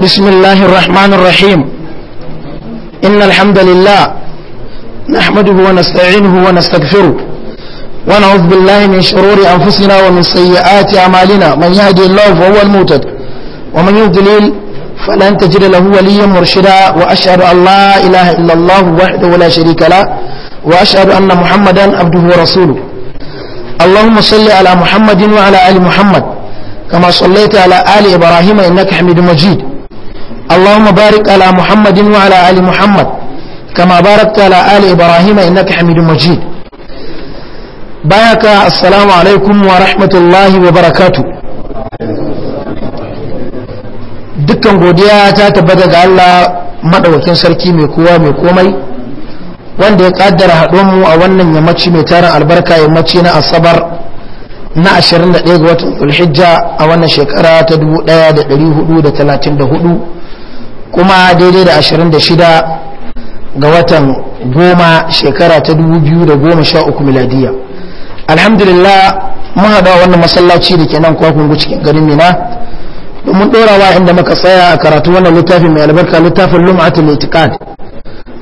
بسم الله الرحمن الرحيم إن الحمد لله نحمده ونستعينه ونستغفره ونعوذ بالله من شرور أنفسنا ومن سيئات أعمالنا من يهدي الله فهو الموتد ومن يضلل فلن تجد له وليا مرشدا وأشهد أن لا إله إلا الله وحده لا شريك له وأشهد أن محمدا عبده ورسوله اللهم صل على محمد وعلى آل محمد كما صليت على آل إبراهيم إنك حميد مجيد اللهم بارك على محمد وعلى آل محمد كما باركت على آل إبراهيم إنك حميد مجيد بارك السلام عليكم ورحمة الله وبركاته dukkan godiya ta tabbata ga Allah madaukakin sarki mai kowa mai komai wanda ya kaddara mu a wannan yammaci mai tarin albarka yammaci na asabar na 21 ga watan zulhijja a wannan shekara ta 1434 kuma daidai da 26 ga watan goma shekara ta 2013 miladiya alhamdulillah mun haɗa wannan masallaci da ke nan kwakungu cikin garin mina domin ɗorawa inda muka tsaya a karatu wannan littafin mai albarka littafin lum'atul itiqad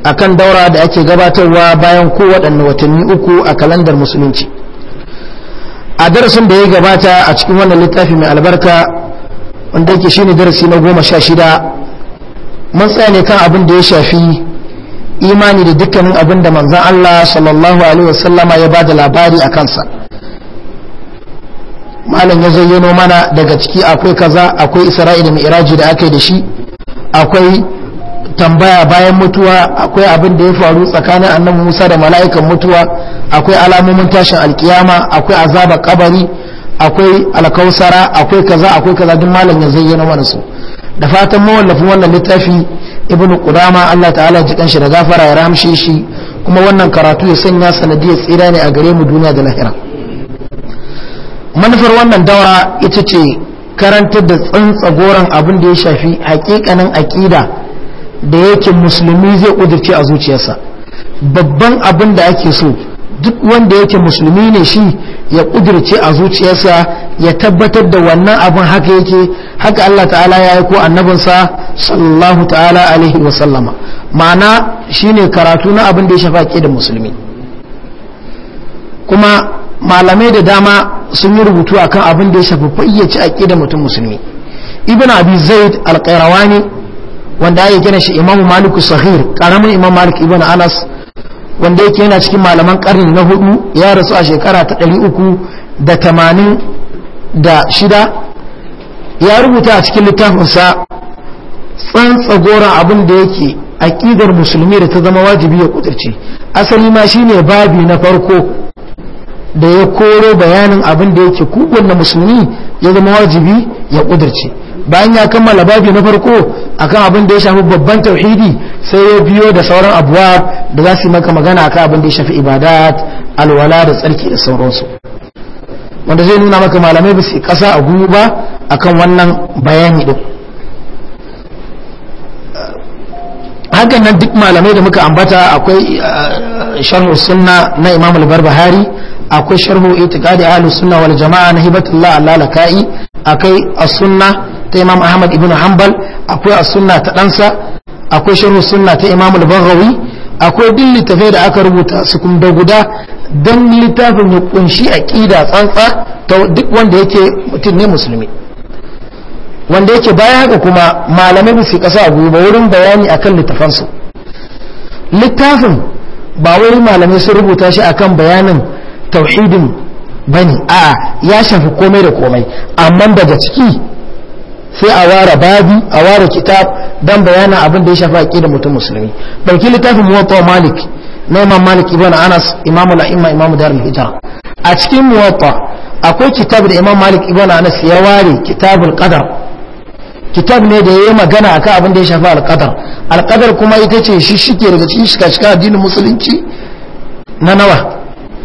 akan daura da ake gabatarwa bayan kowaɗanne watanni uku a kalandar musulunci a darasin da ya gabata a cikin wannan littafi mai albarka wanda yake shine darasi na goma sha shida mun tsaya ne kan abin da ya shafi imani da dukkanin abin da manzan Allah sallallahu alaihi wasallama ya bada labari a kansa malam ya zayyano mana daga ciki akwai kaza akwai isra'ila mai iraji da aka yi da shi akwai tambaya bayan mutuwa akwai abin da ya faru tsakanin annabi musa da mala'ikan mutuwa akwai alamomin tashin alkiyama akwai azabar kabari akwai alkausara akwai kaza akwai kaza duk malam ya zayyana mana su da fatan mawallafin wannan littafi ibn qudama Allah ta'ala ji shi da gafara ya ramshe shi kuma wannan karatu ya sanya sanadiyar tsira ne a gare mu duniya da lahira manufar wannan daura ita ce karantar da goron abin da ya shafi hakikanin akida da yake musulmi zai kudurce a zuciyarsa babban abin da ake so duk wanda yake musulmi ne shi ya kudirce a zuciyarsa ya tabbatar da wannan abin haka yake haka Allah ta'ala ya aiko annabinsa sallallahu ta'ala alaihi wa sallama ma'ana shine karatu na abin da ya shafa ke da musulmi kuma malamai da dama sun yi rubutu akan abin da ya shafi fayyace da mutum musulmi ibn abi zaid al-qayrawani wanda ya gina shi imam malik sahir karamin imam malik ibn anas wanda yake yana cikin malaman karni na hudu ya rasu a shekara ta uku da da tamanin shida ya rubuta a cikin littafinsa Tsantsa goron abin da yake aƙidar musulmi da ta zama wajibi ya kudirce asali ma shi ne babi na farko da ya koro bayanin abin da yake na musulmi ya zama wajibi ya ƙudirce. bayan ya kammala babi na farko akan abin da ya shafi babban tauhidi sai ya biyo da sauran abuwa da za su yi maka magana akan abin da ya shafi ibadat alwala da tsarki da sauransu wanda zai nuna maka malamai ba su kasa a gugu ba akan wannan bayani din hakan nan duk malamai da muka ambata akwai eh, sharhu sunna na imam al-barbahari akwai sharhu itiqadi ahlus sunna wal jamaa na hibatullah al-lalakai akai as-sunna ta imam ahmad ibn hanbal akwai a sunna ta ɗansa akwai sharhu sunna ta imam al-baghawi akwai duk littafai da aka rubuta su kun da guda dan littafin ya kunshi aqida tsantsa ta duk wanda yake mutum ne musulmi wanda yake baya haka kuma malamai su kasa a ba wurin bayani akan su littafin ba wai malamai sun rubuta shi akan bayanin tauhidin bane a ya shafi komai da komai amma daga ciki sai a ware babi a ware kitab don bayanin abin da ya shafi da mutum musulmi dauki littafin muwatta malik na imam malik ibn anas imam al imam darul hijra a cikin muwatta akwai kitab da imam malik ibn anas ya ware kitabul qadar kitab ne da yayi magana akan abin da ya shafi al-qadar al-qadar kuma ita ce shi shike daga cikin shika addinin musulunci na nawa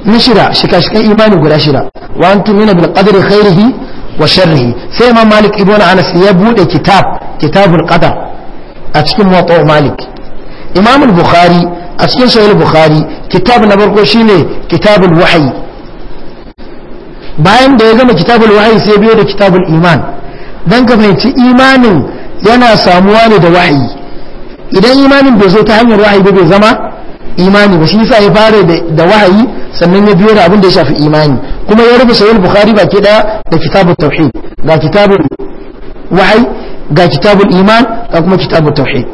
na shida shika-shikan imani guda shida wa antum min bil qadri khairihi wa sai imam malik ibn anas ya bude kitab kitabul qadar a cikin muwatta malik imam bukhari a cikin sahih al-bukhari kitab na farko shine kitabul wahyi bayan da ya gama kitabul wahyi sai biyo da kitabul iman dan ka fahimci imanin yana samuwa ne da wahyi idan imanin bai zo ta hanyar wahyi ba bai zama imani ba shi yasa ya fara da wahayi sannan ya biyo da abin da ya shafi imani kuma ya rubuta sahih bukhari baki daya da kitabut tauhid ga kitabul wahayi ga kitabul iman ga kuma kitabut tauhid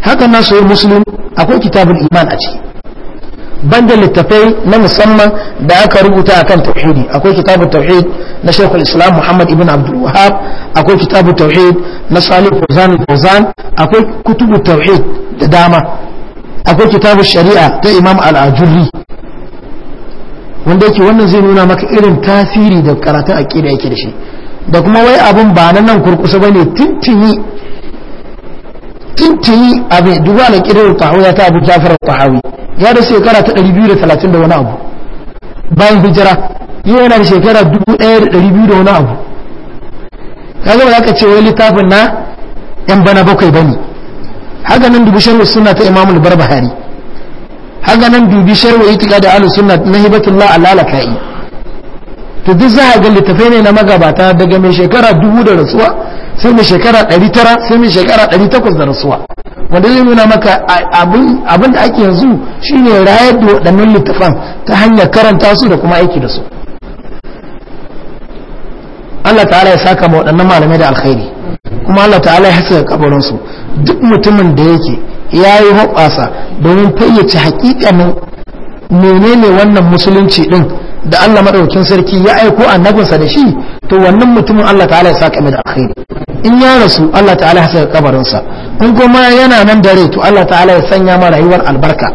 haka na sahih muslim akwai kitabul iman a ciki banda littafai na musamman da aka rubuta akan tauhidi akwai kitabut tauhid na shaykhul islam muhammad ibn abdul wahhab akwai kitabut tauhid na salih fawzan fawzan akwai kutubut tauhid da dama akwai kitabu shari'a ta imam al'ajurri wanda yake wannan zai nuna maka irin tasiri da karatun aƙida yake da shi da kuma wai abin ba na nan kurkusa ba ne tintini tintini abin duba na ƙidar tahawiyya ta abu jafar tahawi ya da shekara ta 230 da wani abu bayan hijira yana da shekara 1200 da wani abu ka zama za ka ce wai littafin na yan bana bakwai ba ne haka nan dubi sharwa suna ta imamul bahari haka nan dubi sharhu itika da alu suna na hibatullah alalakai to duk za a ga littafai ne na magabata daga mai shekara dubu da rasuwa sai mai shekara ɗari tara sai mai shekara ɗari takwas da rasuwa wanda zai nuna maka abin da ake yanzu shine rayar da waɗannan littafan ta hanyar karanta su da kuma aiki da su Allah ta'ala ya saka ma waɗannan malamai da alkhairi kuma Allah ta'ala ya haska kabarin su duk mutumin da yake yayi hoƙasa domin fayyace hakikanin menene wannan musulunci din da Allah madaukakin sarki ya aiko annabinsa da shi to wannan mutumin Allah ta'ala ya saka mai da alkhairi in ya rasu Allah ta'ala ya saka kabarin sa in kuma yana nan dare to Allah ta'ala ya sanya ma rayuwar albarka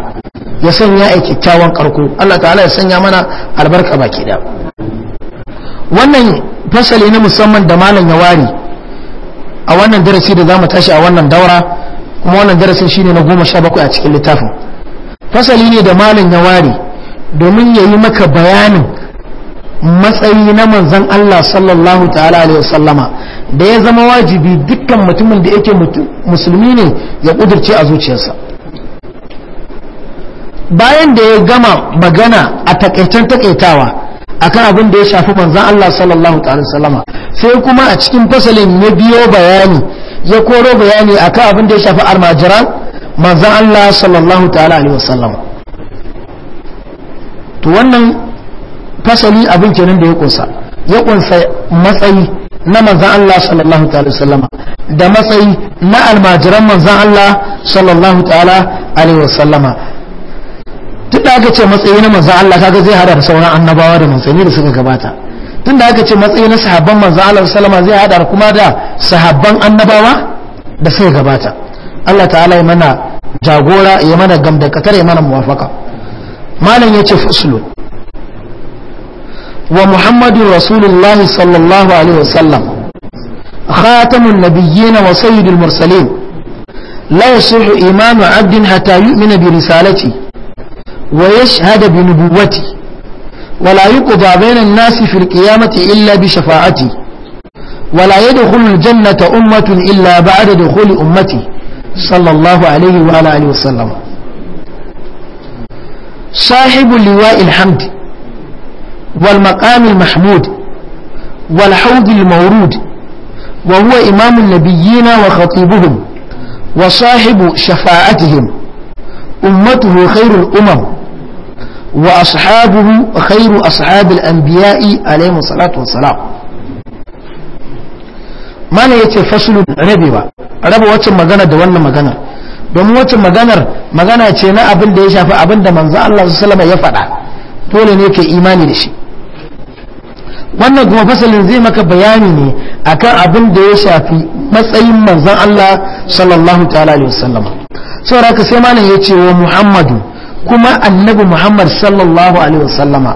ya sanya a kyakkyawan karko Allah ta'ala ya sanya mana albarka baki da wannan fasali na musamman da malam ya ware a wannan darasi da za mu tashi a wannan daura kuma wannan darasin shine na goma sha bakwai a cikin littafin fasali ne da malam ya ware domin ya yi maka bayanin matsayi na manzan Allah sallallahu ta'ala alaihi wasallama da ya zama wajibi dukkan mutumin da yake musulmi ne ya kudurce a zuciyarsa bayan da ya gama magana a takaicen takaitawa A kan abin da ya shafi manzon Allah sallallahu ta'ala sallama sai kuma a cikin fasalin ya biyo bayani ya koro bayani a kan abin da ya shafi almajiran manzon Allah sallallahu ta'ala alaihi wasallam to wannan fasali abin kenan da ya kunsa ya kunsa matsayi na manzan Allah sallallahu ta'ala sallama da matsayi na almajiran manzan Allah sallallahu ta'ala alaihi wasallama duk da aka ce matsayi na manzan Allah kaga zai hada da sauran annabawa da manzanni da suka gabata tun da aka ce matsayi na sahabban manzan Allah sallama zai hada kuma da sahabban annabawa da suka gabata Allah ta'ala ya mana jagora ya mana gamdakatar ya mana muwafaka malam ya ce fusulun wa Muhammadu rasulullahi sallallahu alaihi wasallam khatamun nabiyyin wa sayyidul mursalin la yasihu addin abdin hatta yu'mina bi risalati ويشهد بنبوتي ولا يقضى بين الناس في القيامة إلا بشفاعتي ولا يدخل الجنة أمة إلا بعد دخول أمتي صلى الله عليه وعلى آله وسلم صاحب اللواء الحمد والمقام المحمود والحوض المورود وهو إمام النبيين وخطيبهم وصاحب شفاعتهم أمته خير الأمم wa ashabuhu khairu ashabil anbiya'i alaihi salatu wassalam mana yace faslun rabewa raba wacce magana da wannan magana domin wacce maganar magana ce na abin da ya shafi abin da manzo Allah sallallahu alaihi ya faɗa dole ne ka imani da shi wannan kuma fasalin zai maka bayani ne akan abin da ya shafi matsayin manzon Allah sallallahu ta'ala alaihi wasallam saboda haka sai malam yace wa Muhammadu kuma annabi muhammad sallallahu alaihi wasallama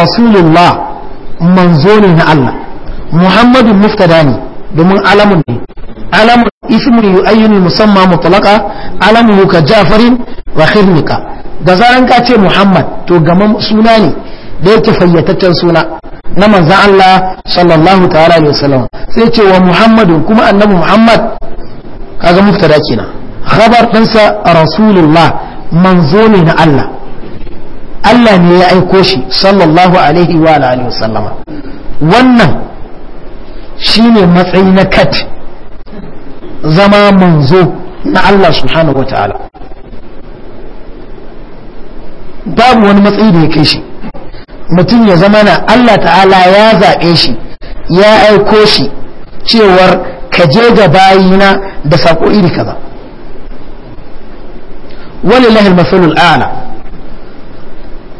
rasulullah manzo ne na Allah muhammadu muftada ne domin alamun ne alamun ismu yu'ayyinu musamma mutlaqa alamu ka jafarin wa khirnika da zaran ka ce muhammad to gama suna ne da yake fayyataccen suna na manzan Allah sallallahu ta'ala alaihi wasallam sai ce wa muhammadu kuma annabi muhammad kaga muftada kenan khabar dinsa rasulullah manzo ne na Allah Allah ne ya aiko shi sallallahu alaihi wa alihi wasallama wannan shine matsayi na kat zama manzo na Allah subhanahu ta'ala. babu wani matsayi da ya kai shi mutum ya zama na Allah ta'ala ya zaɓe shi ya aiko shi cewar ka je ga bayina da saƙo iri kaza walillahi masalul a'la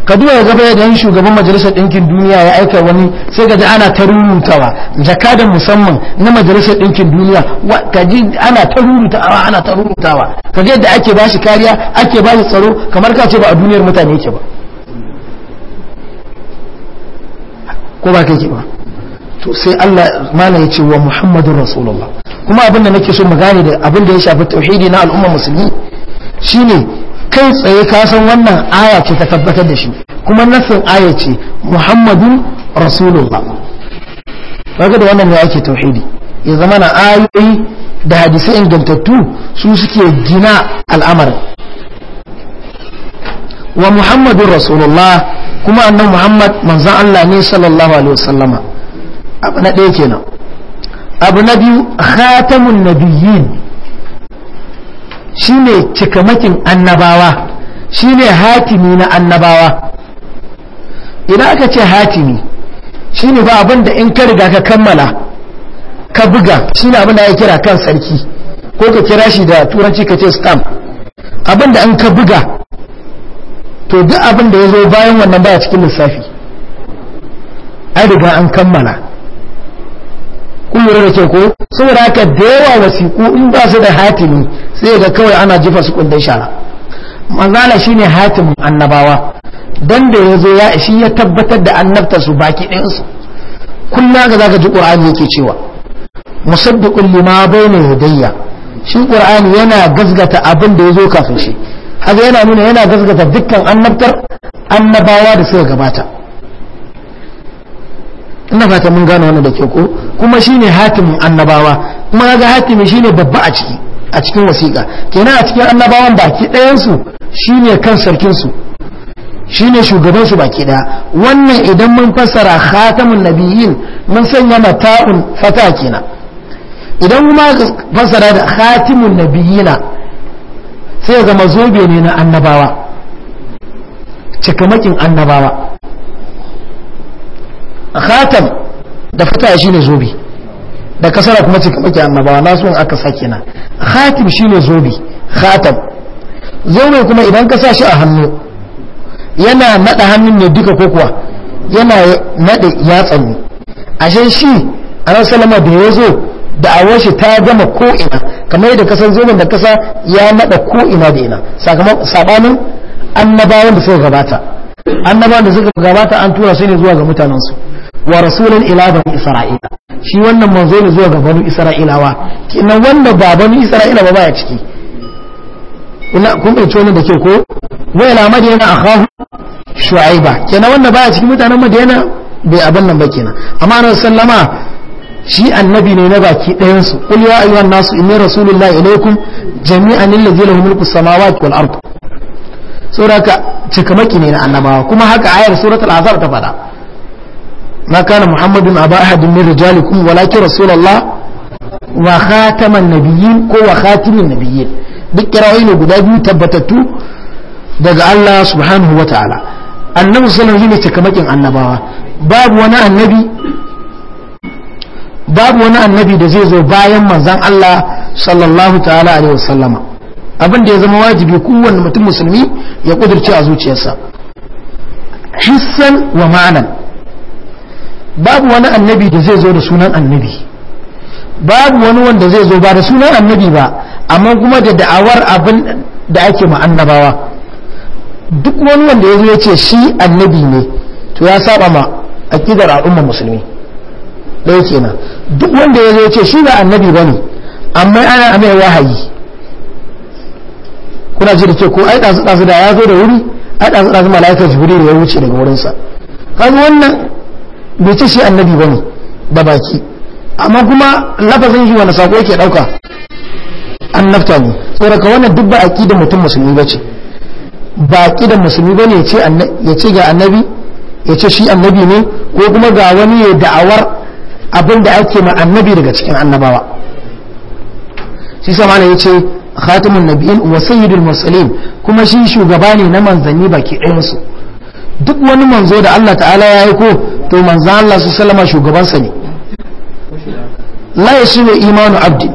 kaduwa duba ya gaba yadda shugaban majalisar ɗinkin duniya ya aika wani sai gaji ana ta rurutawa da musamman na majalisar ɗinkin duniya kaji ana ta rurutawa ana ta rurutawa yadda ake bashi kariya ake bashi tsaro kamar ka ce ba a duniyar mutane yake ba ko ba kake ba to sai Allah mana ya ce wa Muhammadur Rasulullah kuma abin da nake so mu gane da abin da ya shafi tauhidi na al'umma musulmi ne kai tsaye kasan wannan aya ce ta tabbatar da shi kuma nafin aya ce muhammadun rasulullah kaga da wannan ne ake tauhidi ya zama na ayoyi da hadisai ingantattu su suke gina al'amarin wa muhammadun rasulullah kuma annan muhammad manzan allah ne sallallahu alaihi wasallama abu na ɗaya kenan abu na biyu khatamun nabiyyin shine cikamakin annabawa shine hatimi na annabawa idan aka ce hatimi shine ba abin da in ka riga ka kammala ka buga shine abin da ya kira kan sarki ko ka kira shi da turanci ka ce stamp abin da in ka buga to duk abin da ya zo bayan wannan ba cikin lissafi ai riga an kammala kun da ce ko saboda haka da yawa wasiku in ba su da hatimi sai ga kawai ana jifa su kundin shara manzala shine hatimin annabawa dan da ya zo ya shi ya tabbatar da annabta su baki ɗin su kullu ga zaka ji qur'ani yake cewa musaddiqul lima bayna yadayya shi qur'ani yana gazgata abin da ya zo kafin shi haka yana nuna yana gazgata dukkan annabtar annabawa da suka gabata ina fata mun gane wannan da ke ko kuma shine hatimin annabawa kuma ga hatimi shine babba a ciki a cikin wasiƙa kenan a cikin annabawan baki ɗayan su shine kan sarkin su shine shugaban su baki ɗaya wannan idan mun fassara khatamun nabiyyin mun sanya mata'un fata kenan idan kuma fassara da khatimun nabiyyina sai ya zama zobe ne na annabawa cikamakin annabawa khatam da fata shine zobe da kasara kuma cikin muke annabawa na in aka sake na khatim shine zobe khatam zobe kuma idan ka sa shi a hannu yana nada hannun ne duka ko kuwa yana nada ya tsanni ashe shi anan salama da ya zo da a shi ta gama ko ina kamar yadda kasan zoben da kasa ya nada ko ina da ina sakamakon annabawan da suka gabata annabawan da suka gabata an tura su ne zuwa ga mutanensu wa rasulan ila bani isra'ila shi wannan manzo ne zuwa ga bani isra'ilawa kenan wanda ba bani isra'ila ba baya ciki ina kun bai tona da ke ko wa ila madina akhahu shu'aiba kenan wanda baya ciki mutanen madina bai abin nan ba kenan amma annabi sallama shi annabi ne na baki ɗayan su qul ya ayyuhan nasu inni rasulullahi ilaykum jami'an allazi lahu mulku samawati wal ard saboda maki ne na annabawa kuma haka ayar suratul azab ta faɗa ما كان محمد أبا أحد من رجالكم ولكن رسول الله وخاتم النبيين كو خاتم النبيين biyu قدابي تبتتو daga Allah subhanahu wa ta'ala annabi sallallahu alaihi cikamakin annabawa babu wani annabi babu wani annabi da zai zo bayan manzon Allah sallallahu ta'ala alaihi abin da ya zama wajibi kowane mutum musulmi ya kudurce a zuciyarsa hissan wa ma'anan babu wani annabi da zai zo da sunan annabi babu wani wanda zai zo ba da sunan annabi ba amma kuma da da'awar abin da ake annabawa duk wani wanda ya zo ya ce shi annabi ne to ya saba ma akidar al'ummar musulmi ɗaya kenan duk wanda ya zo ya ce shi ba annabi ba ne amma ana amai wahayi kuna ji da ke ko ai ɗazu ɗazu da ya zo da wuri ai ɗazu ɗazu mala'ikar jibril ya wuce daga wurinsa kaga wannan bai ce shi annabi ba da baki amma kuma lafazin shi wani sako yake ɗauka annabta ne tsoraka wannan duk ba a da mutum musulmi ba ce da musulmi ba ne ya ce ga annabi ya ce shi annabi ne ko kuma ga wani ya da'awar abinda da ake ma annabi daga cikin annabawa shi sama ya ce khatimun nabiyin wa sayyidul musulmin kuma shi shugaba ne na manzanni baki ɗayansu duk wani manzo da Allah ta'ala ya yi ko. to manzo Allah su salama shugabansa ne la ne imanu abdi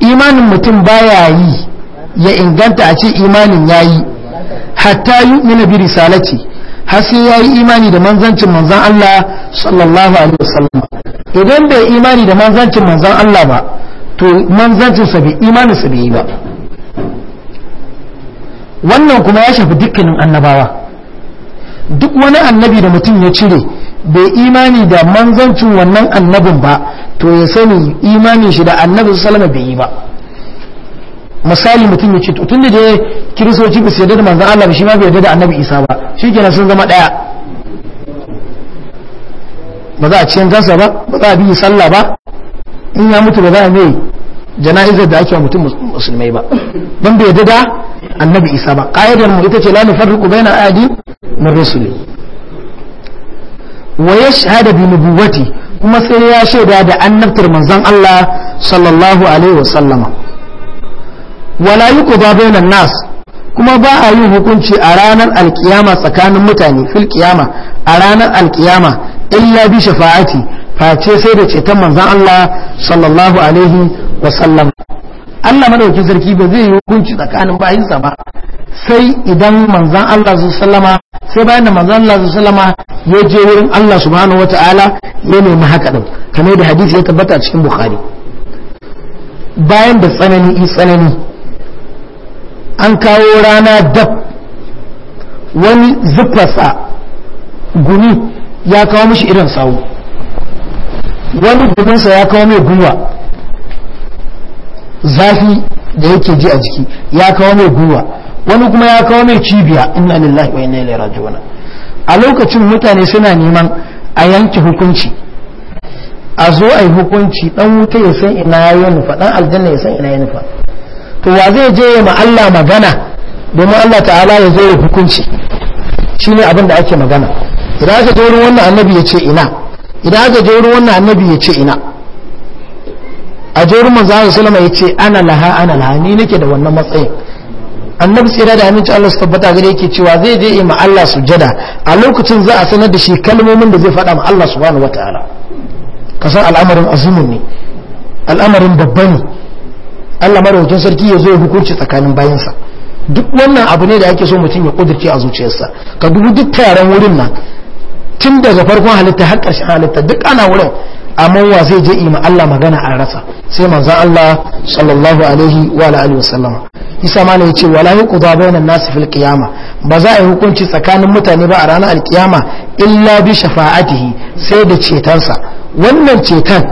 imanin mutum baya yi ya inganta a ce imanin yayi hatta yu'mina bi risalati har sai yayi imani da manzancin manzan Allah sallallahu alaihi wasallam idan bai imani da manzancin manzan Allah ba to manzancin sa bai imaninsa sa bai yi ba wannan kuma ya shafi dukkanin annabawa duk wani annabi da mutum ya cire bai imani da manzancin wannan annabin ba to ya sani imanin shi da annabin salama bai yi ba misali mutum ya ce tun da dai kirisoci ba su yarda da manzan Allah ba shi ma bai yarda da annabi isa ba shi kenan sun zama ɗaya ba za a ci yankansa ba ba za a biyi sallah ba in ya mutu ba za a mai jana'izar da ake wa mutum musulmai ba don bai yarda da annabi isa ba ƙa'idar mu ita ce la nufarriqu baina ahadin min rusuli wa yashhadu bi nubuwati kuma sai ya shaida da annabtar manzon Allah sallallahu alaihi wa sallama. wala yuqda bainan nas kuma ba a yi hukunci a ranar alkiyama tsakanin mutane fil kiyama a ranar alkiyama illa bi shafa'ati face sai da ceton manzon Allah sallallahu alaihi sallama. Allah madaukin sarki ba zai yi hukunci tsakanin bayinsa ba sai idan manzan Allah sallama sai bayan da manzan Allah sallama ya je wurin Allah subhanahu wataala ya nemi haka din kamar da hadisi ya tabbata a cikin bukhari bayan da tsanani i tsanani an kawo rana dab wani zufasa guni ya kawo mishi irin sawu wani guminsa ya kawo mai guwa zafi da yake ji a jiki ya kawo mai guwa wani kuma ya kawo mai cibiya inna lillahi wa inna ilaihi raji'un a lokacin mutane suna neman a yanke hukunci a zo a yi hukunci dan wuta ya san ina ya nufa dan aljanna ya san ina ya nufa to wa zai je ya Allah magana domin Allah ta'ala ya zo ya hukunci shine abin da ake magana idan aka je wurin wannan annabi ya ce ina idan aka je wurin wannan annabi ya ce ina a je wurin manzo Allah sallama ya ce ana laha ana laha ni nake da wannan matsayin annabi tsira da aminci Allah su tabbata gare yake cewa zai je ma Allah sujada a lokacin za a sanar da shi kalmomin da zai faɗa ma Allah subhanahu wataala san al'amarin azumin ne al'amarin babba ne Allah wajen sarki ya zo ya hukunci tsakanin bayansa duk wannan abu ne da ake so mutum ya kudurce a zuciyarsa ka dubi duk taron wurin nan tun daga farkon halitta har ƙarshen halitta duk ana wurin amma wa zai je ma Allah magana a rasa sai manzon Allah sallallahu alaihi wa alihi wasallam isa ma ne ce wala yuqda bai nas fil kiyama ba za a yi hukunci tsakanin mutane ba a ranar alkiyama illa bi shafa'atihi sai da cetonsa wannan ceton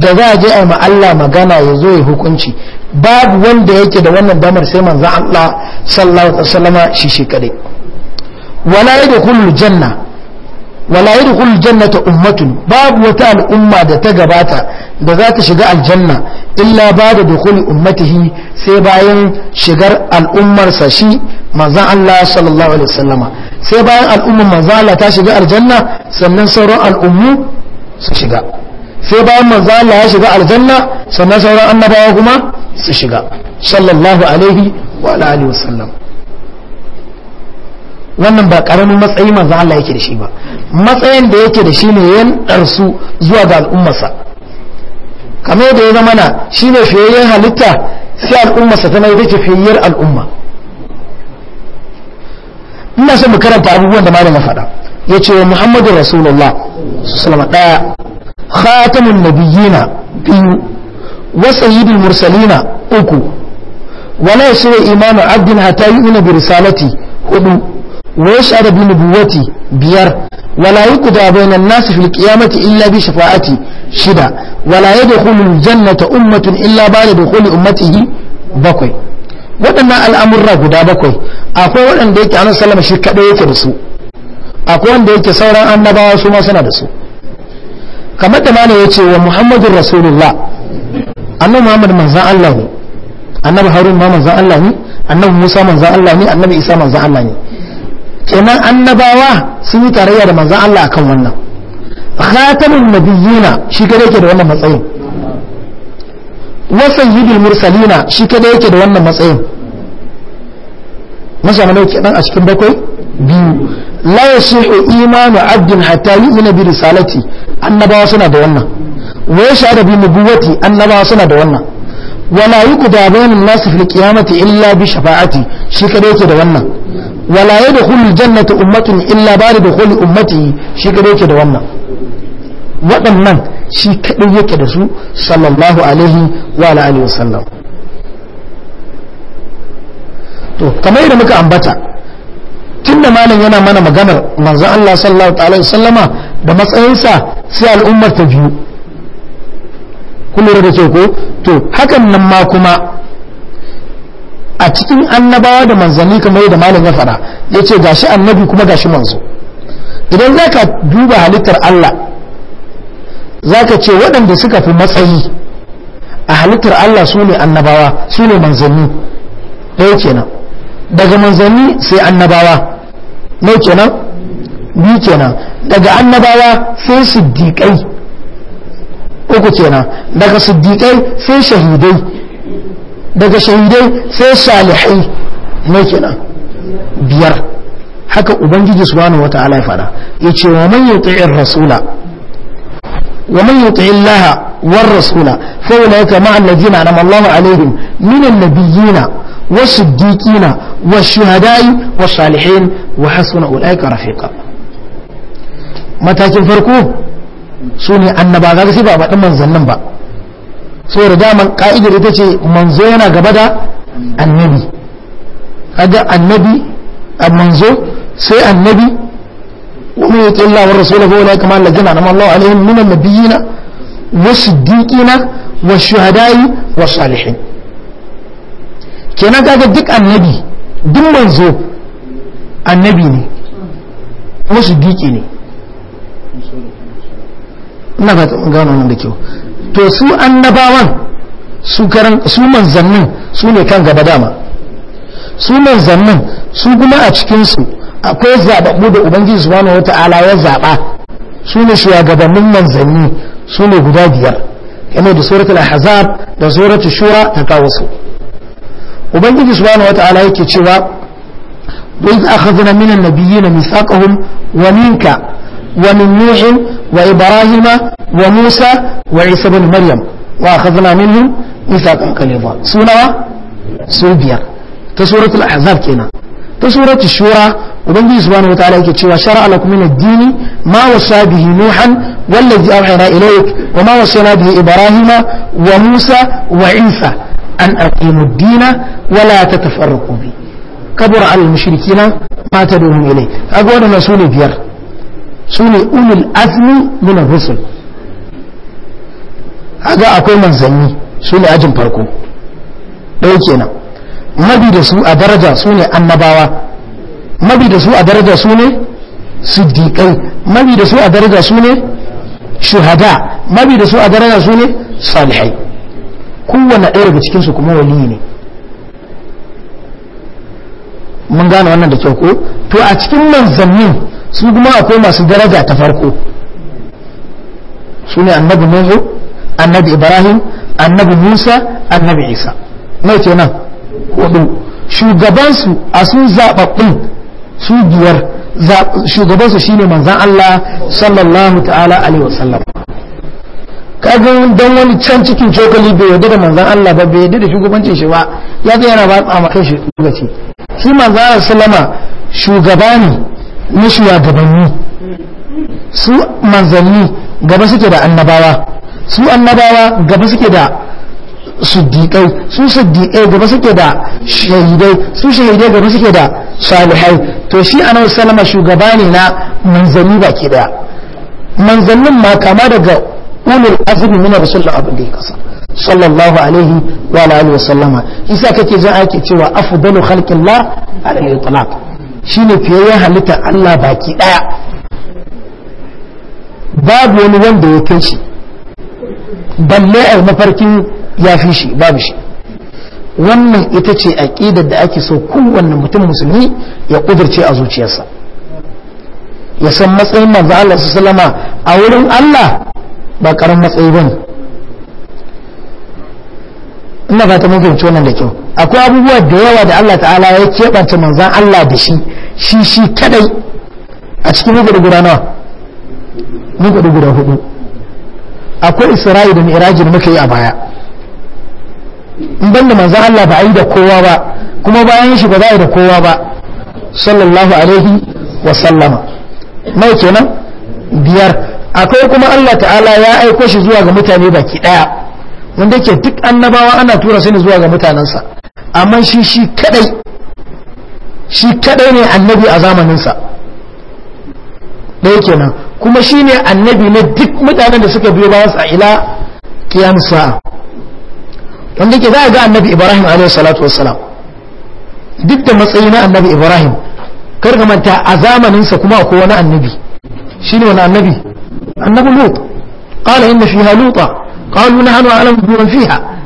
da za a je a ma Allah magana ya zo ya hukunci babu wanda yake da wannan damar sai manzo Allah sallallahu alaihi wasallama shi shi kadai wala yadkhulul janna wala yadkhul jannata ummatun babu wata al'umma da ta gabata da za ta shiga aljanna illa ba da dukhul ummatihi sai bayan shigar al'ummarsa shi manzan Allah sallallahu alaihi wasallama sai bayan al'ummar manzan Allah ta shiga aljanna sannan sauran al'ummu su shiga sai bayan manzan Allah ya shiga aljanna sannan sauran annabawa kuma su shiga sallallahu alaihi wa alihi wasallam wannan ba karamin matsayi manzo Allah yake da shi ba matsayin da yake da shi ne yan darsu zuwa ga al'ummarsa kamar yadda ya zama na shi ne fiyayyen halitta sai al'ummarsa ta mai dace fiyayyar al'umma ina son mu karanta abubuwan da faɗa ya faɗa wa muhammadu rasulullah sallallahu ɗaya. wasallam khatamun nabiyina biyu wa sayyidul mursalina uku wala yashu imanu abdin hatta yu'mina bi risalati hudu wa yashhadu bi nubuwati biyar wala yuqda bayna an-nas fil qiyamati illa bi shafa'ati shida wala yadkhulu al-jannata ummatun illa ba'da dukhuli ummatihi bakwai waɗannan al'amurra guda bakwai akwai waɗanda yake annabi salama shi kadai yake da su akwai wanda yake sauran annabawa su ma suna da su kamar da mana yace wa muhammadur rasulullah annabi muhammad manzon Allah ne annabi harun ma manzon Allah ne annabi musa manzon Allah ne annabi isa manzon Allah ne kenan annabawa sun yi tarayya da manzan Allah kan wannan khatamin nabiyina shi kada yake da wannan matsayin wasan yidul mursalina shi kada yake da wannan matsayin masa mana yake dan a cikin bakwai biyu la yasihu imanu abdin hatta yu'mina bi risalati annabawa suna da wannan wa yashhadu bi nubuwati annabawa suna da wannan wala yuqda bainal nasi fil qiyamati illa bi shafa'ati shi kadai yake da wannan wala yadkhulul jannata ummatun illa ba da dukhuli ummatin shi kadai yake da wannan waɗannan shi kadai yake da su sallallahu alaihi wa alihi wasallam to kamar yadda muka ambata tun da malam yana mana maganar manzo Allah sallallahu alaihi wasallama da matsayinsa sai al'ummar ta biyu kullum da ce ko to hakan nan ma kuma a cikin annabawa da manzanni kamar da malam ya fara ya ce gashi annabi kuma gashi manzo idan za ka duba halittar Allah za ka ce waɗanda suka fi matsayi a halittar Allah su ne annabawa su ne manzanni ɗaya kenan daga manzanni sai annabawa nau kenan biyu kenan daga annabawa sai siddiƙai uku kenan daga siddiƙai sai shahidai daga shahidai sai salihai ne kenan biyar haka ubangiji subhanahu wata'ala ya fara yace wa man yuti'ir rasula wa man yuti'il laha war rasula fa ulaika ma'a alladhina anama Allahu alaihim min an-nabiyyina والصديقين والشهداء والصالحين وحسن أولئك رفيقا متى تنفرقوا su annaba za ba faɗin manzan nan ba so da daman ka'idar ita ce manzo yana gaba da annabi kaga annabi a manzo sai annabi kuma ya ce Allah wa rasulullah ko la kama la jana namallahu alaihi min annabiyina wa siddiqina wa shuhadai wa salihin kenan kaga duk annabi duk manzo annabi ne wa siddiqi ne ina ba gano da kyau to su annabawan su karan su manzannin su ne kan gaba dama su manzannin su kuma a cikinsu akwai zababbu da ubangiji subhanahu wata'ala ya zaɓa su ne shugabannin manzanni su ne guda biyar kamar da suratul ahzab da suratul shura ta kawo su ubangiji subhanahu wata'ala yake cewa wa iz akhadna minan nabiyyin mithaqahum wa minka ومن نوح وإبراهيم وموسى وعيسى بن مريم وأخذنا منهم ميثاقا غليظا سورة سوبيا تسورة الأحزاب كنا تسورة الشورى وبنجي سبحانه وتعالى يكتشف شرع لكم من الدين ما وصى به نوحا والذي أوحينا إليك وما وصينا به إبراهيم وموسى وعيسى أن أقيموا الدين ولا تتفرقوا به كبر على المشركين ما تدعوهم إليه أقول رسول بير su ne ulul azmi minar rusul haga akwai manzanni su ne ajin farko ɗaya kenan mabi da su a daraja su ne annabawa mabi da su a daraja su ne siddiƙai mabi da su a daraja su ne shuhada mabi da su a daraja su ne salihai kowane ɗaya daga cikinsu kuma wali ne mun gane wannan da kyau ko to a cikin manzannin su kuma akwai masu daraja ta farko su ne annabi nuhu annabi ibrahim annabi musa annabi isa mai kenan hudu shugabansu a sun zaɓaɓɓun su biyar shugabansu shine manzan Allah sallallahu ta'ala alaihi wasallam kagan don wani can cikin cokali bai yadda da manzan Allah ba bai yadda da shugabancin shi ba ya zai yana ba a makai shi lokaci shi manzan Allah sallama shugaba ne na shugabanni su manzanni gaba suke da annabawa su annabawa gaba suke da suddiƙai su suddiƙai gaba suke da shahidai su shahidai gaba suke da salihai to shi anan salama shugaba ne na manzanni ke daya manzannin ma kama daga ulul azmi min rasulullah abin da ya kasa sallallahu alaihi wa alihi wa sallama isa kake jin ake cewa afdalu khalqillah alal itlaq Shi ne fiye halitta Allah baki ɗaya babu wani wanda ya kai shi balle a mafarkin ya fi shi babu shi wannan ita ce aƙidar da ake so kowanne mutum musulmi ya ƙudurce a zuciyarsa ya san matsayin manzo Allah su salama a wurin Allah ba ƙaran matsayi ba ne ina ba ta mafi wannan da kyau akwai abubuwa da yawa da Allah ta'ala ya keɓanta manzan Allah da shi shi shi kadai a cikin muku da guda nawa muku da guda hudu akwai isra'i da mi'raji muka yi a baya in da manzan Allah ba a yi da kowa ba kuma bayan shi ba za a yi da kowa ba sallallahu alaihi wa sallama mai kenan biyar akwai kuma Allah ta'ala ya aiko shi zuwa ga mutane baki daya wanda ke duk annabawa ana tura su ne zuwa ga mutanensa amma shi shi kadai shi kadai ne annabi a zamaninsa ɗaya kenan kuma shi ne annabi na duk mutanen da suka biyo bayan sa ila kiyam sa'a wanda ke za a ga annabi ibrahim alaihi salatu wassalam duk da matsayi na annabi ibrahim kar ka manta a zamaninsa kuma akwai wani annabi shi ne wani annabi annabi lut qala inna fiha luta qalu nahnu a'lamu biman fiha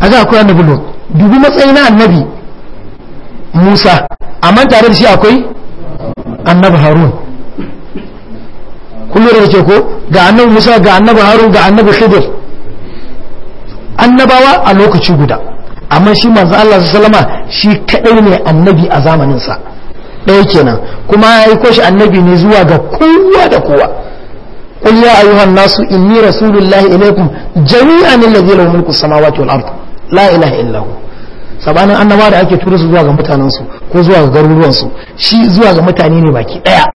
haka akwai annabi lot dubi matsayi na annabi musa amma tare da shi akwai annabi harun kullum da ke ko ga annabi musa ga annabi harun ga annabi khidir annabawa a lokaci guda amma shi manzo Allah sallama shi kadai ne annabi a zamaninsa ɗaya kenan kuma ya aiko shi annabi ne zuwa ga kowa da kowa قل يا أيها الناس إني رسول الله إليكم جميعا الذي له ملك السماوات والأرض la ilaha illahu sabanin annaba da ake turu su zuwa ga mutanensu ko zuwa ga garuruwansu shi zuwa ga mutane ne baki daya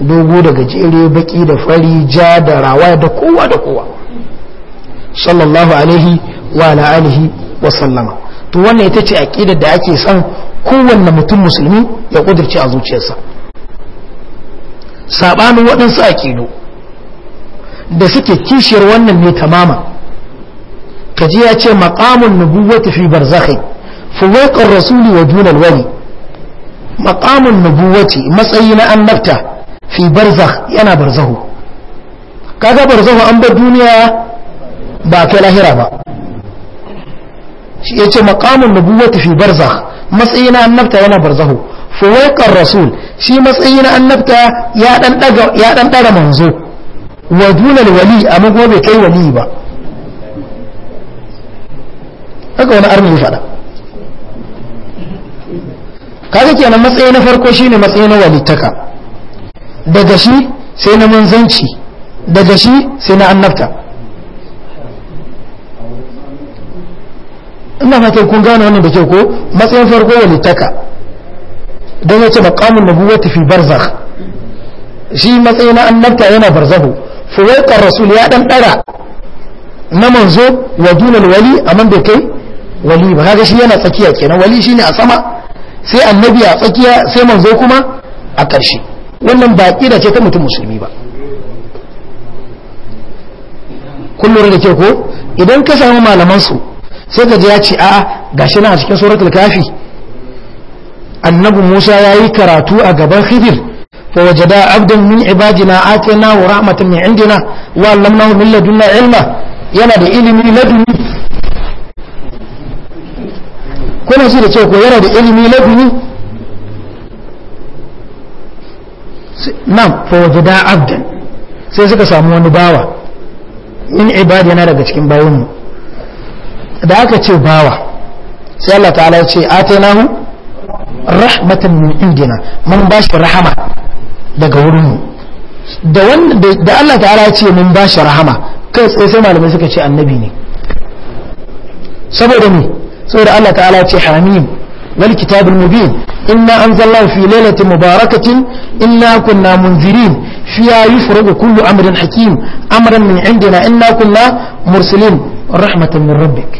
dogo da gajere baki da fari ja da rawa da kowa da kowa sallallahu alaihi wa ala alihi wa sallama to wannan ita ce aqidar da ake son kowanne mutum musulmi ya kudirce a zuciyarsa sabanin waɗansu aqidu da suke kishiyar wannan ne tamama kaji ya ce maqamun nubuwwati fi barzakhi fuwaiqar rasuli wa dunal wali maqamun nubuwwati matsayi na annabta fi barzakh yana barzahu kaga barzahu an bar duniya ba kai lahira ba shi yace maqamun nubuwwati fi barzakh matsayi na annabta yana barzahu fuwaiqar rasul shi matsayi na annabta ya dan ya dan dara manzo wa dunal wali amma kuma kai wali ba haka wani arni ya faɗa kaga kenan matsayi na farko shine matsayi na walittaka daga shi sai na manzanci daga shi sai na annabta ina fatan kun gane wannan da kyau ko matsayin farko walittaka don yace maqamun nubuwati fi barzakh shi matsayi na annabta yana barzahu fuwaikar rasul ya dan dara na manzo wa dunal wali a man da kai wali ba kaga shi yana tsakiya kenan wali shine a sama sai annabi a tsakiya sai manzo kuma a ƙarshe wannan ba ƙira ce ta mutum musulmi ba kun da ke ko idan ka samu malaman su sai ka ji ya ce a'a gashi na a cikin suratul kafi annabi Musa yayi karatu a gaban Khidir fa wajada abdan min ibadina atina wa rahmatan min indina wa allamnahu min ladunna ilma yana da ilimi laduni kuna shi da cewa ko yana da ilimi labini nan fawajida abdan sai suka samu wani bawa in ibad yana daga cikin bayanmu da aka ce bawa sai Allah ta'ala ya ce atainahu rahmatan min indina mun shi rahama daga wurinmu da wanda da Allah ta'ala ya ce mun shi rahama kai sai malamai suka ce annabi ne saboda ni. saboda Allah ta'ala ce hamim wal kitabul mubin inna anzalnahu fi lailatin mubarakatin inna kunna munzirin fiha yufragu kullu amrin hakim amran min indina inna kunna mursalin rahmatan min rabbik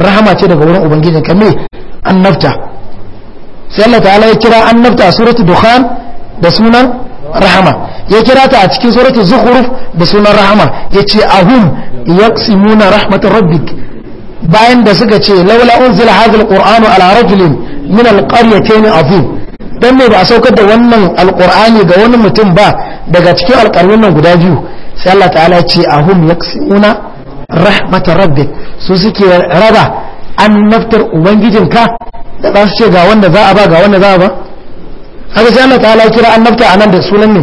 rahama ce daga wurin ubangijinka me annabta sai Allah ta'ala ya kira annabta a suratul dukhan da sunan rahama ya kira ta a cikin suratu zukhruf da sunan rahama yace ahum yaqsimuna rahmatar rabbik bayan da suka ce laula unzila hadhal qur'anu ala rajulin min alqaryatayn azim dan ne ba a saukar da wannan alqur'ani ga wani mutum ba daga cikin alqaryun nan guda biyu sai Allah ta'ala ya ce ahum yaksuna rahmat rabbik su suke raba naftar ubangijinka da za su ce ga wanda za a ba ga wanda za a ba haka sai Allah ta'ala ya kira annabta anan da sunan ne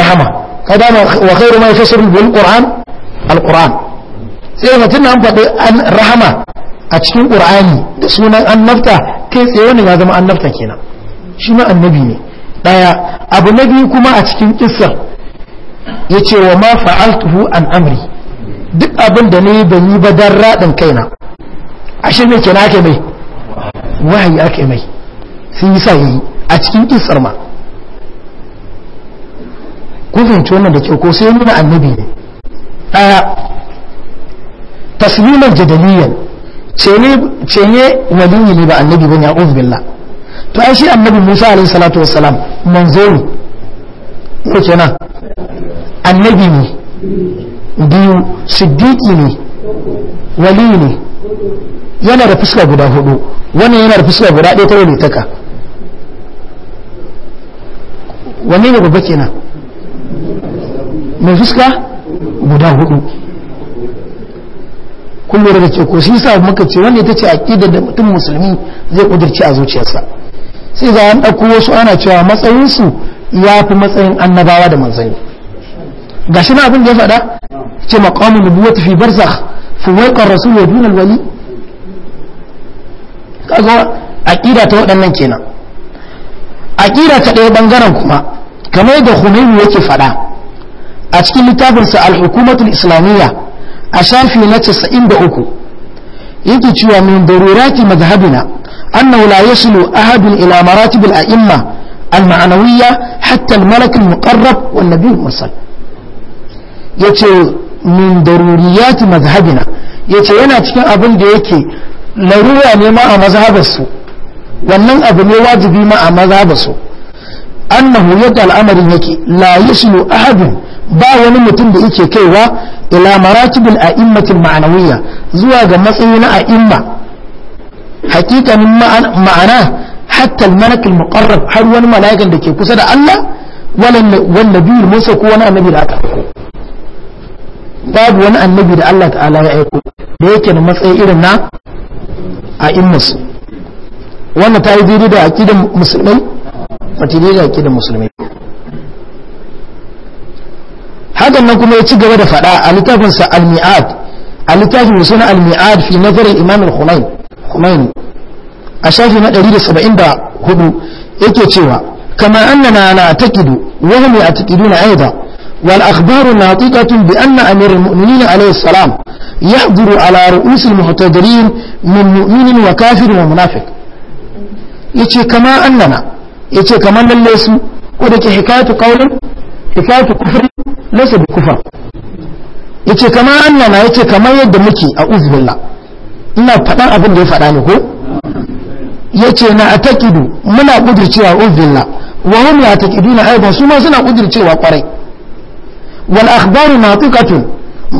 rahama kada ma wa khairu ma yafsiru bil qur'an alquran sai mutum an faɗi an rahama a cikin ƙur'ani da sunan annabta kai tsaye wani ya zama annabta kenan shi ma annabi ne ɗaya abu na biyu kuma a cikin ƙisar ya ce wa ma fa'altuhu an amri duk abin da ne ban yi ba don raɗin kaina shi ne kenan ake mai wahayi ake mai sun yi sa yi a cikin ƙisar ma kun fahimci wannan da kyau ko sai nuna annabi ne ɗaya tasliman jadaliyan ce ne waliyi ne ba annabi bane a to ai shi annabi Musa alaihi salatu wassalam manzo ne ko kenan annabi biyu siddiqi ne wali ne da fuska guda hudu wannan yana da fuska guda ɗaya ta walitaka wanne ne babba kenan mai fuska guda hudu kun da ce ko shi sa muka ce wanda ita ce aqida da mutum musulmi zai kudirce a zuciyarsa sai za an dauko wasu ana cewa matsayin su ya fi matsayin annabawa da manzanni gashi na abin da ya faɗa ce maqamu nubuwati fi barzakh fuwaiqar rasul wa dunal wali kaga aqida ta waɗannan kenan aqida ta ɗaya bangaren kuma kamar da Khomeini yake faɗa a cikin littafinsa al-hukumatul islamiyya a safi na 93 yake cewa min darurati madhhabina annahu la yaslu ahadun ila maratib al-a'imma al-ma'nawiyya hatta al-malak al-muqarrab wan nabiy al-mursal yace min daruriyati madhhabina yace yana cikin abin da yake laruwa ne ma a mazhabarsu wannan abu ne wajibi ma a mazhabarsu annahu yadda al'amarin yake la yaslu ahadun ba wani mutum da yake kaiwa ila maratibul a'immatil ma'anawiyya zuwa ga matsayi na a'imma hakikanin ma'ana hatta al-malak al-muqarrab har wani mala'ikan da ke kusa da Allah wal nabiyul musa ko wani annabi da aka aiko babu wani annabi da Allah ta'ala ya aiko da yake da matsayi irin na a'immasu wannan ta yi daidai da aqidan musulmai ba daidai da aqidan musulmai hakan nan kuma ya ci gaba da fada a littafinsa al-mi'ad a littafin mai suna al-mi'ad fi nazarin imam al-humaini a shafi na 174 yake cewa kama annana na taqidu wa hum ya'taqiduna aidan wal akhbaru na natiqatun bi anna amirul mu'minin alayhi salam yahduru ala ru'us al-muhtadirin min mu'minin wa kafirin wa ya ce kama annana ce kama lalle su ko da ke hikayatu qawlin hikayatu kufrin laysa bi kufar yace kamar annana yace kamar yadda muke a uzbillah ina faɗan abin da ya faɗa ne ko yace na atakidu muna ƙudircewa uzbillah wa hum la takiduna aidan su ma suna kudircewa kwarai wal akhbaru natiqatun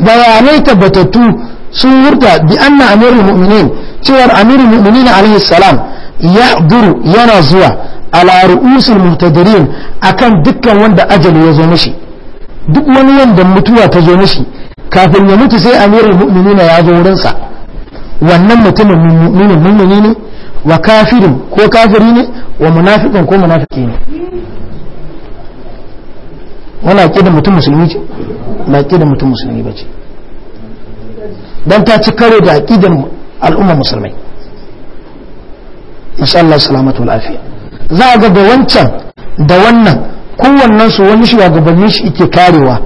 bayanai tabbatattu sun wurta bi anna amirul mu'minin cewar amirul mu'minin alaihi salam ya duru yana zuwa ala ru'usul muhtadirin akan dukkan wanda ajali ya zo mishi duk wani wanda mutuwa ta zo mishi kafin ya mutu sai amirul mu'minina ya zo wurinsa wannan mutumin mu'minin mu'mini ne wa kafirin ko kafiri ne wa munafiqin ko munafiki ne wala kida mutum musulmi ce ba kida mutum musulmi bace dan ta ci karo da aqidan al'umma musulmai insha Allah salamatu wal afiya za ga da wancan da wannan kowannen su wani shugabannin shi yake karewa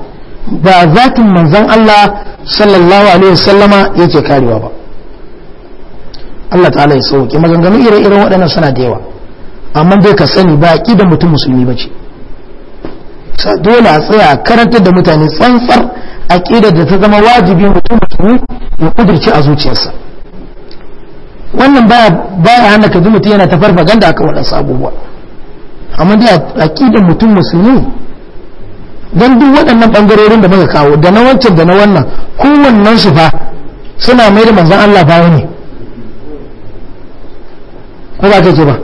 ba zatin manzon Allah sallallahu alaihi wasallama yake karewa ba Allah ta'ala ya sauke maganganu ire-iren waɗannan suna da yawa amma bai ka sani ba ki da mutum musulmi bace sa dole a tsaya karanta da mutane tsantsar aqida da ta zama wajibi mutum musulmi ya kudirce a zuciyarsa wannan baya baya hana ka ji mutum yana ta farfaganda akan waɗansu abubuwa amma dai aqidar mutum musulmi don duk waɗannan ɓangarorin da muka kawo da na wancan da na wannan kowannen su fa suna mai da manzan Allah bayan ne ko ba take ba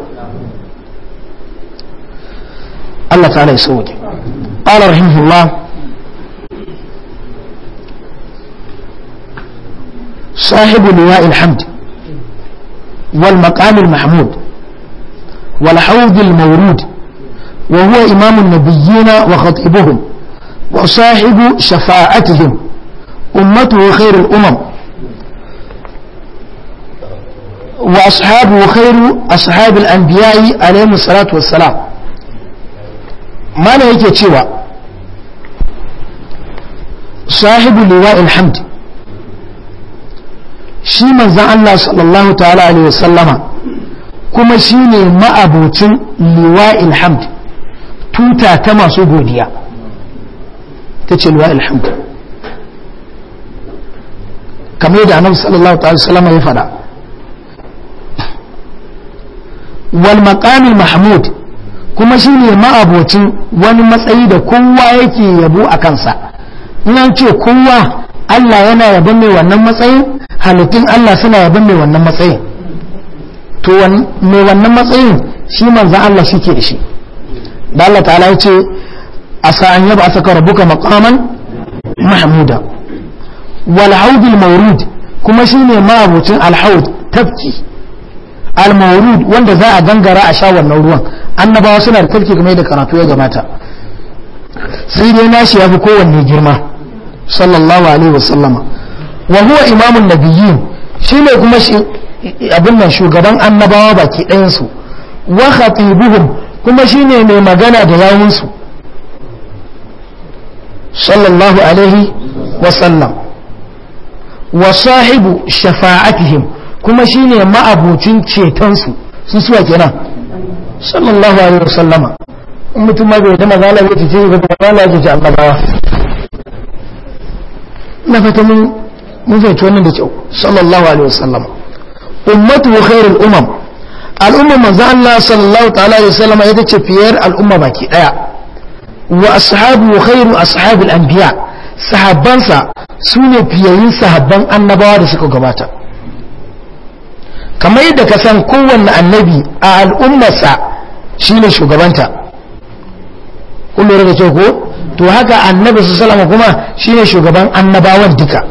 Allah ta'ala ya sauke qala rahimahullah صاحب لواء الحمد والمقام المحمود والحوض المورود وهو إمام النبيين وخطيبهم وصاحب شفاعتهم أمته خير الأمم وأصحابه خير أصحاب الأنبياء عليهم الصلاة والسلام ما لا يكي صاحب لواء الحمد shi manzan صلى الله عليه وسلم كما kuma shi ما ma'abucin لواء الحمد tuta ta masu godiya ta ce luwa alhamdu kamar yadda annabi sallallahu alaihi wasallam ya faɗa wal maqamil mahmud kuma shine ma'abocin wani matsayi da kowa yake yabo a kansa in ce kowa Allah yana yabon mai wannan matsayin halittun Allah suna yabon mai wannan matsayin to mai wannan matsayin shi manzan Allah shi ke da shi da Allah ta'ala ya ce a sa'an yaba a rabbuka maqaman mahmuda wal haud al mawrud kuma shine mabucin al tafki al wanda za a gangara a sha wannan ruwan annabawa suna da tafki kamar da karatu ya gabata sai dai nashi yafi kowanne girma sallallahu alaihi wasallama wa huwa imamun nabiyyin shine kuma shi abin nan shugaban annabawa baki ɗayansu wa khatibuhum kuma shi ne mai magana da yawunsu sallallahu alaihi wasallam wa sahibu shafa'atihim kuma shi ne ma'abocin cetonsu sun suwa kenan sallallahu alaihi wasallama in mutum ma bai da magana ya tace ga magana ya tace annabawa na fata mun mun fahimci wannan da kyau sallallahu alaihi wasallama ummatu khairul umam al'umma manzo Allah sallallahu ta'ala alaihi wasallam ita ce fiyar al'umma baki daya wa ashabu khairu ashabil anbiya sahabbansa su ne fiyayin sahabban annabawa da suka gabata kamar yadda ka san kowanne annabi a al'ummarsa shine shugabanta kullum da ce ko to haka annabi salama kuma shine shugaban annabawan duka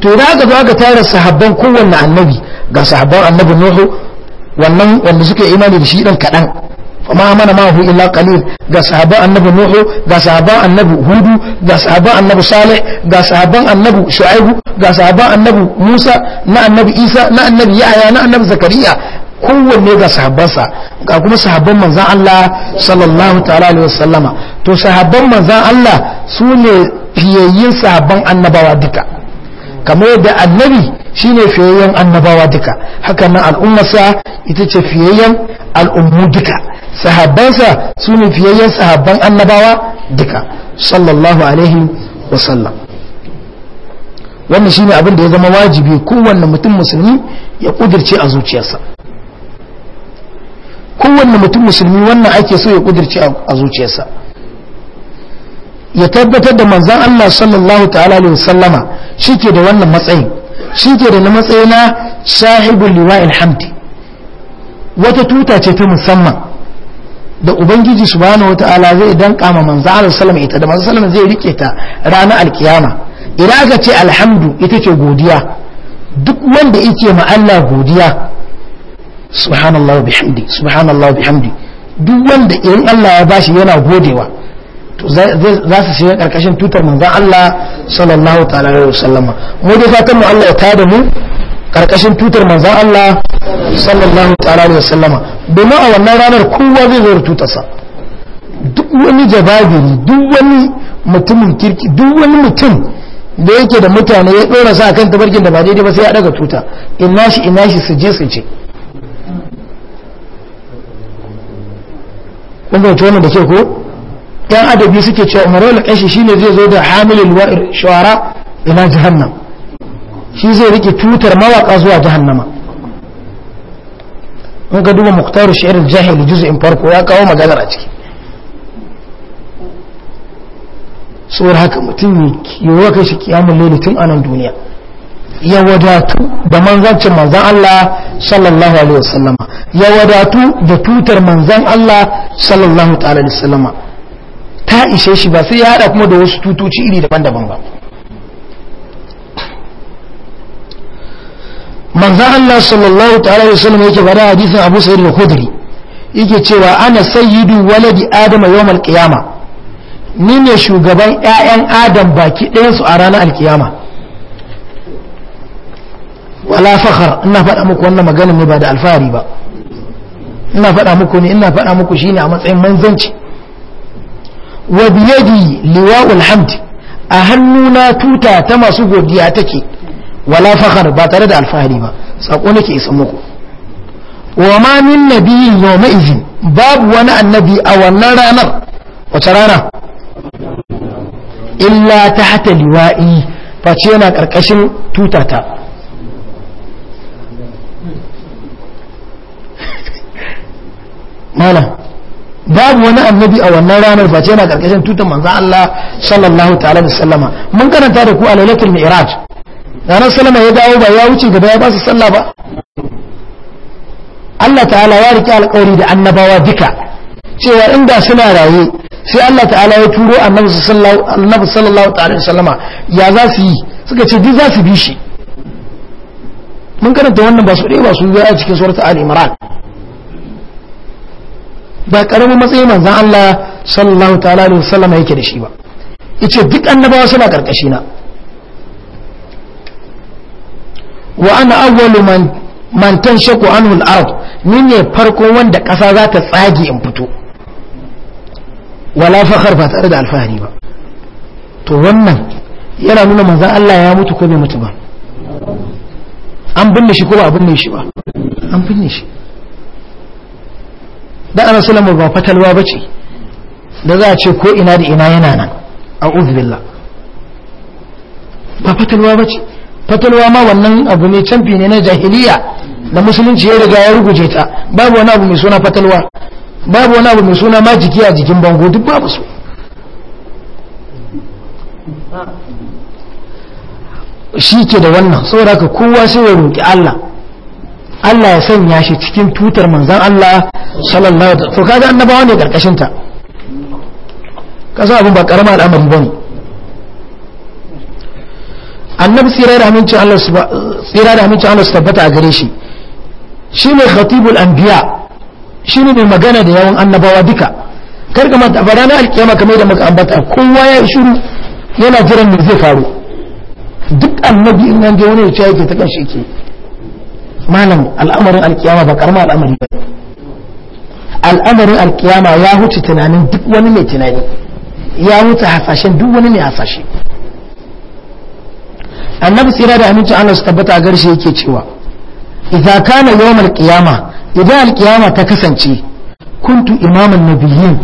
to da aka zo aka tara sahabban kowanne annabi ga sahabban annabi nuhu wannan wanda suka imani da shi dan kadan ma mana ma hu illa qalil ga sahabban annabi nuhu ga sahabban annabi hudu ga sahabban annabi salih ga sahabban annabi shu'aibu ga sahabban annabi musa na annabi isa na annabi yahya na annabi zakariya kowanne ga sahabbansa ga kuma sahabban manzan Allah sallallahu ta'ala alaihi wasallama to sahabban manzan Allah su ne fiyayyin sahabban annabawa duka kamar yadda annabi shine fiyayyen annabawa duka haka nan al'ummarsa ita ce fiyayyen al'ummu duka sahabbansa su ne fiyayyen sahabban annabawa duka sallallahu alaihi wasallam wannan shine abin da ya zama wajibi kowanne mutum musulmi ya kudirce a zuciyarsa kowanne mutum musulmi wannan ake so ya kudirce a zuciyarsa ya tabbatar da manzan Allah sallallahu ta'ala alaihi sallama shi ke da wannan matsayin shi ke da na matsayi na sahibul liwa'il hamdi wata tuta ce ta musamman da ubangiji subhanahu wata'ala zai dan kama manzan Allah sallama ita da manzan sallama zai rike ta ranar alkiyama idan aka ce alhamdu ita ce godiya duk wanda yake ma Allah godiya subhanallahu bihamdi subhanallahu bihamdi duk wanda in Allah ya bashi yana godewa to za su shiga karkashin tutar manzan Allah sallallahu ta'ala alaihi wasallam mu dai fatan mu Allah ya da mu ƙarƙashin tutar manzan Allah sallallahu ta'ala alaihi wasallam domin a wannan ranar kowa zai zo tutarsa duk wani jababiri duk wani mutumin kirki duk wani mutum da yake da mutane ya ɗora sa kan tabarkin da ba daidai ba sai ya ɗaga tuta ina shi ina shi su je su ce kun zauce wannan da ke ko yan adabi suke cewa umarul kashi shine zai zo da hamilul wa'ir shawara ila jahannam shi zai rike tutar mawaka zuwa jahannama in ka duba muktaru shi'ar jahil juz'in farko ya kawo maganar a ciki tsohon haka mutum ne yiwuwa kai shi kiyamun lele tun a nan duniya ya wadatu da manzancin manzan Allah sallallahu alaihi wasallama ya wadatu da tutar manzan Allah sallallahu ta'ala alaihi wasallama ta ishe shi ba sai ya hada kuma da wasu tutoci iri daban-daban ba manzan Allah sallallahu ta'ala da sallama yake bada hadisin abu sa'id da khudri yake cewa ana sayyidu waladi adama yawmal qiyama ni ne shugaban ƴaƴan adam baki ɗayansu a ranar alkiyama wala fakhar ina faɗa muku wannan magana ne ba da alfahari ba ina faɗa muku ne ina faɗa muku shine a matsayin manzanci wa biyadi liwa'ul hamd a hannuna tuta ta masu godiya take wala fakhar ba tare da alfahari ba sako nake isa muku wa ma min nabiyyin yawma izin babu wani annabi a wannan ranar wace rana illa tahta liwa'i face yana karkashin tutata mala babu wani annabi a wannan ranar face yana karkashin tutan manzan Allah sallallahu ta'ala da sallama mun karanta da ku a lailatul mi'raj ranar sallama ya dawo ba ya wuce gaba ya ba su sallah ba Allah ta'ala ya rike alƙawari da annabawa duka cewa inda suna raye sai Allah ta'ala ya turo annabi sallallahu ta'ala da sallama ya za su yi suka ce duk za su bi shi mun karanta wannan ba su ɗaya ba su biya a cikin suratul al-imran ba karamin matsayi manzon Allah sallallahu ta'ala alaihi wasallam yake da shi ba yace duk annabawa suna karkashi na wa ana awwalu man man tanshaku anhu al-ard ni ne farko wanda kasa za ta tsage in fito wala fakhar ba tare da alfahari ba to wannan yana nuna manzon Allah ya mutu ko bai mutu ba an binne shi ko ba a binne shi ba an binne shi dan ana sulama ba fatalwa ba ce da za a ce ko ina da ina yana nan a uzbillah ba fatalwa ba ce fatalwa ma wannan abu ne canfi ne na jahiliya da musulunci ya riga ya ruguje ta babu wani abu mai suna fatalwa babu wani abu mai suna ma jiki a jikin bango duk babu su shi ke da wannan saboda ka kowa sai ya roƙi Allah Allah ya sanya shi cikin tutar manzan Allah sallallahu alaihi to kaga annabawa ne karkashin ta kaza abin ba karama al'amari bane annabi tsira da amincin Allah tsira da amincin Allah su tabbata a gare shi shine khatibul anbiya shine mai magana da yawan annabawa duka Kar ka manta ba ranar alkiyama kamar da muka ambata kowa ya shiru yana jiran me zai faru duk annabi in an je wani ya ce ta kan shi ke malam al'amarin alkiyama ba karama al'amari ba al'amarin alkiyama ya huce tunanin duk wani mai tunani ya wuce hasashen duk wani mai hasashe annabi sira da aminci Allah su tabbata a garshe yake cewa idza kana yawm alkiyama idan alkiyama ta kasance kuntu imaman nabiyyin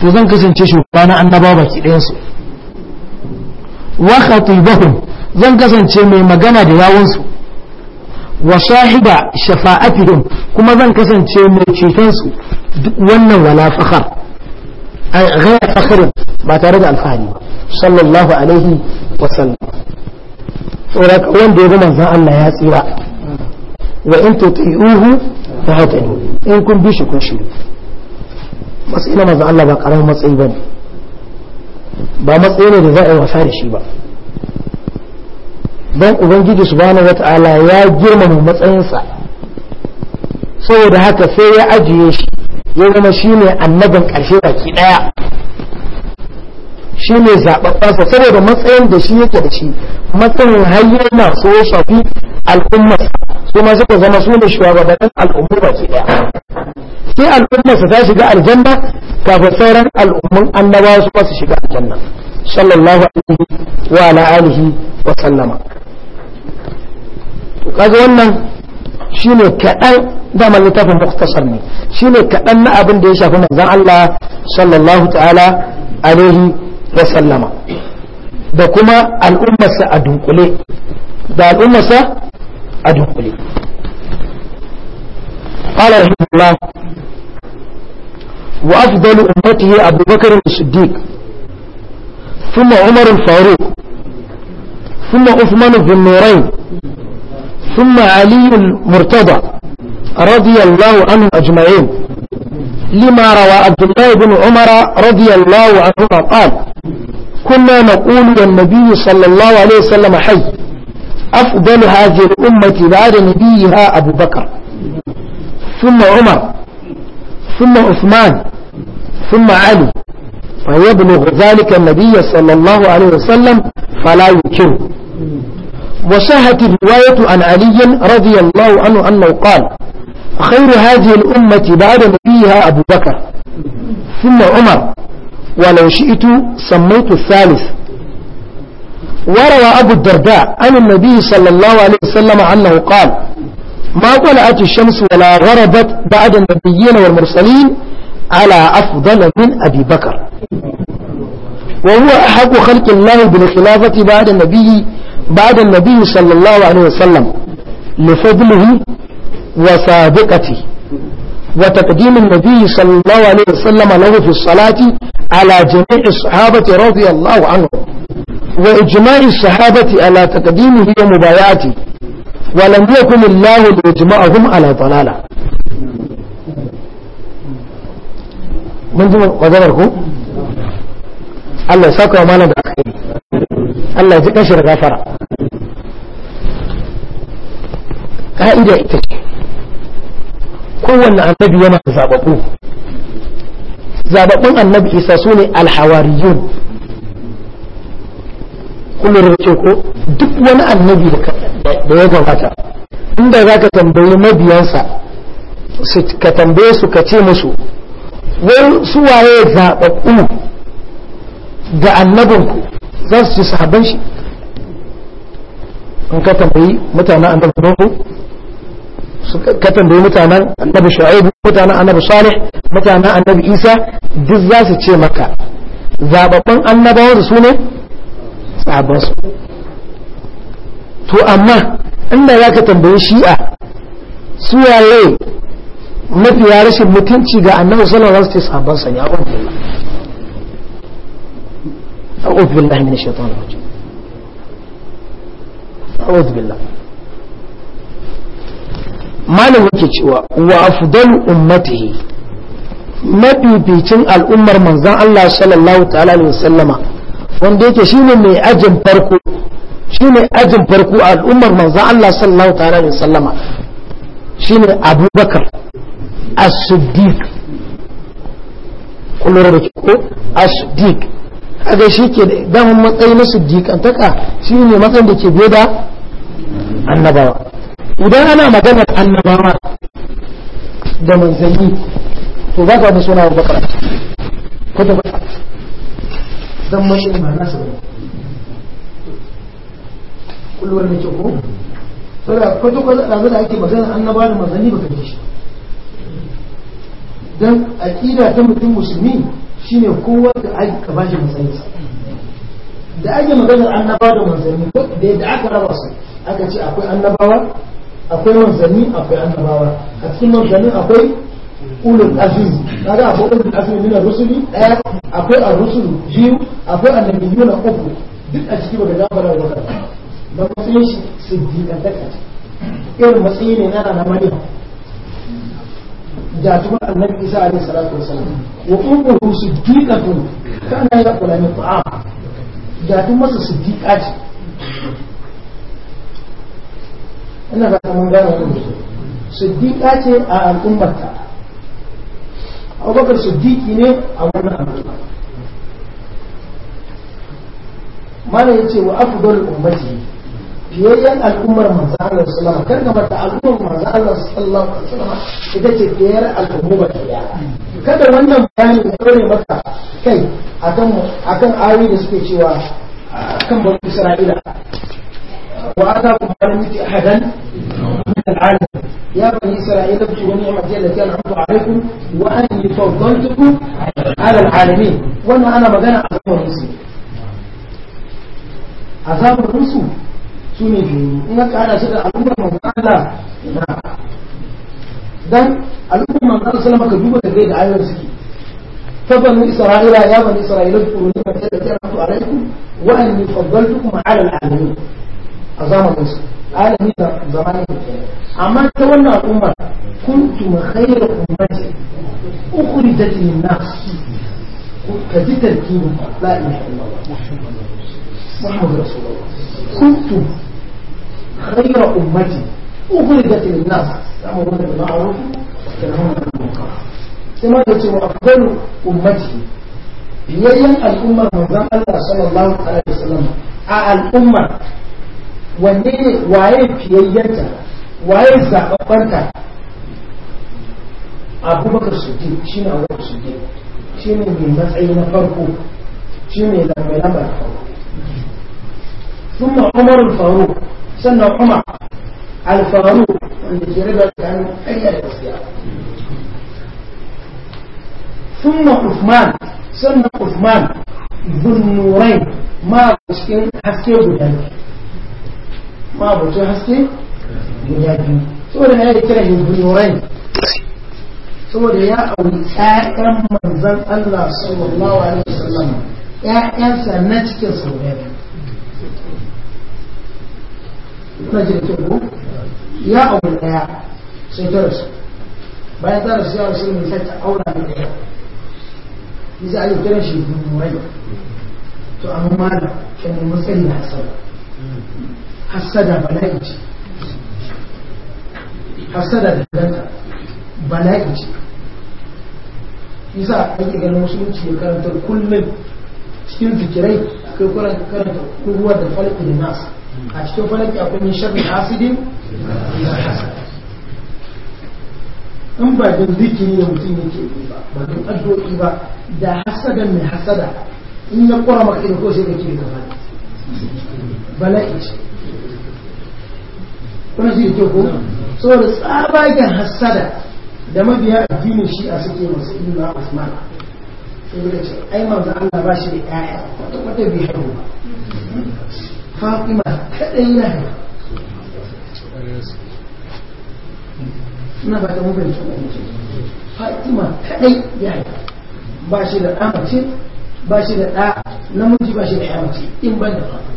to zan kasance shugaba annabawa baki ɗayan su wa khatibahum zan kasance mai magana da yawunsu wa shahiba shafa'atihim kuma zan kasance mai ceton su duk wannan wala fakhar ai ghayr fakhar ba tare da alfahari ba sallallahu alaihi wa sallam saboda wanda ya ga manzon Allah ya tsira wa in tuti'uhu fahtadu in kun bi shi kun shi matsayi na manzon Allah ba karamin matsayi ne. ba matsayi ne da za a yi wasa da shi ba don ubangiji subhanahu wata'ala ya girmama matsayinsa saboda haka sai ya ajiye shi ya zama shine annaban annabin ƙarshe baki ɗaya shi ne zaɓaɓɓensa saboda matsayin da shi yake da shi matsayin hanyar na so ya shafi su ma suka zama su ne shugabannin al'ummar baki ɗaya sai al'ummarsa ta shiga aljanna kafin sauran alumman annabawa su ba su shiga aljanna sallallahu alaihi wa ala alihi wa sallama to kaga wannan shine kaɗan damar littafin muktasar ne shine kaɗan na abin da ya shafi manzon Allah sallallahu ta'ala alaihi wa sallama da kuma al'ummarsa a dunkule da al'ummarsa a dunkule قال رحمه الله وأفضل أمته أبو بكر الصديق ثم عمر ثم عثمان بن النورين ثم علي المرتضى رضي الله عنه أجمعين لما روى عبد الله بن عمر رضي الله عنهما قال كنا نقول للنبي صلى الله عليه وسلم حي أفضل هذه الأمة بعد نبيها أبو بكر ثم عمر ثم عثمان ثم علي فيبلغ ذلك النبي صلى الله عليه وسلم فلا يكره وصحت الرواية عن علي رضي الله عنه أنه قال خير هذه الأمة بعد نبيها أبو بكر ثم عمر ولو شئت سميت الثالث وروى أبو الدرداء عن النبي صلى الله عليه وسلم أنه قال ما طلعت الشمس ولا غربت بعد النبيين والمرسلين على أفضل من أبي بكر وهو أحق خلق الله بالخلافة بعد النبي بعد النبي صلى الله عليه وسلم لفضله وصادقته وتقديم النبي صلى الله عليه وسلم له في الصلاة على جميع الصحابة رضي الله عنهم وإجماع الصحابة على تقديمه ومبايعته ولم يكن الله لإجماعهم على ضلالة من ذلك وذلك الله ساكوا مالا بأخير Allah ya ji kashir gafara ka'ida ita ce kowanne annabi yana zababbu zababbun annabi isa su ne alhawariyun kullum da ce ko duk wani annabi da ya gabata inda za ka tambayi mabiyansa ka tambaye su ka ce musu wai su waye ga annabinku za su ce sahabban shi in ka tambayi mutanen annabi su ka tambayi mutanen annabi shu'aibu mutanen annabi salih mutanen annabi isa duk za su ce maka zababban annabawan su ne sahabban su to amma inda za ka tambayi shi'a su yaye mafiya rashin mutunci ga annabi sallallahu alaihi wasallam za su ce sahabban sa ne a أعوذ بالله من الشيطان الرجيم أعوذ بالله malam yake cewa wa afdal ummatihi mabibicin al'ummar manzon Allah sallallahu ta'ala wanda yake shine mai ajin farko shine ajin farko al'ummar manzon Allah sallallahu ta'ala alaihi wasallama shine Abubakar as-Siddiq kullu rabbika kaga shi ke daman matsayi na siddiƙantaka shi ne matsayin da ke biyo da annabawa idan ana maganar annabawa da manzanni to za ka wani suna wa bakar kwata kwata don mashi ma na su kullum da ke ko saboda kwata kwata ɗazu da ake maganar annabawa da manzanni ba ka ji shi don aƙida ta mutum musulmi shine kowa da aka bashi matsayi da ake maganar annabawa da manzanni ko da yadda aka raba su aka ce akwai annabawa akwai manzanni akwai annabawa a cikin manzanni akwai ulul aziz kaga akwai ulul aziz min rusuli daya akwai ar-rusul biyu akwai annabiyuna uku duk a ciki baka gafara da kanka da matsayin shi siddiqan irin matsayi ne na na Maryam da tukun annabi isa alaihi salatu wasallam wa ummuhu siddiqatun kana ya kula min ta'am da tun masa siddiqa ce ina ba ta mun gane siddiqa ce a al'ummarta abubakar siddiqi ne a wannan al'umma mana yace wa afdalul fiyayyen al'ummar manzan Allah sallama kan gaba da al'ummar manzan Allah sallama ita ce fiyayyen al'umma ta ya kada wannan bayani ya kore maka kai akan akan ayoyi da suke cewa kan bani Isra'ila wa aka kuma miki ahadan min al'alam ya bani Isra'ila ku wani hajji da kan amfu alaikum wa an yufaddaltukum ala al'alamin wannan ana magana a zaman musu a zaman musu su ne biyu in aka hada su da al'ummar manzala na dan al'ummar manzala sallama ka duba da da ayoyin suke فبنو إسرائيل يا بني إسرائيل اذكروا نعمة التي أنعمت عليكم وأني فضلتكم على العالمين عظام موسى العالمين زمان أما تولى الأمة كنتم خير أمة أخرجت للناس كذلك الدين لا إله إلا الله محمد رسول الله كنتم خير أمتي أخرجت للناس يأمرون بالمعروف وينهون عن المنكر كما يتم أفضل أمتي biyayyen al'ummar manzon Allah sallallahu alaihi wasallam a al'ummar wanne ne waye fiyayyenta waye zababbanta abubakar siddiq shi ne abubakar siddiq shi ne mai matsayi na farko shi ne da mai lamar farko ثم عمر الفاروق سنة عمر على wanda ke raba كان أي da ثم عثمان سنة عثمان ذو النورين ما بشكل حسكي بدانك ما بشكل حسكي بدانك سورة هي هذه ذو النورين سورة يا أولي آئم من ذن الله صلى الله عليه وسلم يا أنسى كلا صلى الله عليه وسلم kuna ji da ko ya aure daya sai ta rasu bayan ta rasu ya rasu ne sai ta aura da daya ni za a yi kiran shi gungurai to amma mana kan yi matsayi na hasada hasada bala'i ce hasada da danta bala'i ce isa ake ganin musulunci ya karantar kullum cikin fikirai akwai karanta kuruwa da falƙi da nasa a cikin falaki akwai min sharri hasidin in ba da zikiri da mutum yake yi ba ba da addu'o'i ba da hasadan mai hasada in ya kora maka ido ko sai ka kire gaba bala'i ce kuna ji da ko saboda tsabagen hasada da mabiya addinin shi a suke masu na usman sai ka ce ai manzo Allah ba shi da ƴaƴa kwata kwata bai haihu ba fatima kaɗai na haifa ina ba ta mafi fatima kaɗai ya haifa ba shi da ɗamace ba shi da ɗa namiji ba shi da ɗamace in ban da fatima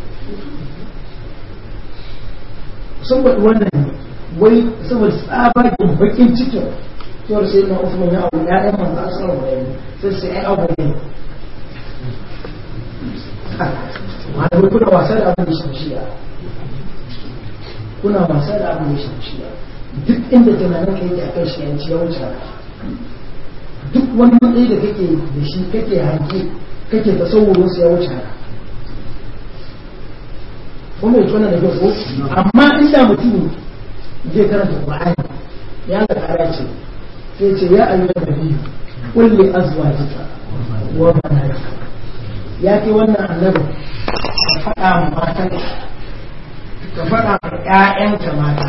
sun wannan wai saboda tsabagen bakin cikin yawar sai na usman ya abu ya ɗan manzo a tsarar bayani sai sai ai abu ne ma'ana kuna wasa da abin da shi shi'a kuna wasa da abin da shi shi'a duk inda tunanin ka yi yake akan shi'anci ya wuce duk wani matsayi da kake da shi kake hanki kake tasawurin su ya wuce haka kuma ya tona da kyau ko amma in da mutum zai karanta Qur'ani ya ga kara ce sai ce ya ayyuhan biyu kulle li azwajika wa banatika ya ke wannan annabin ka faɗa matan ka faɗa ƴaƴanka mata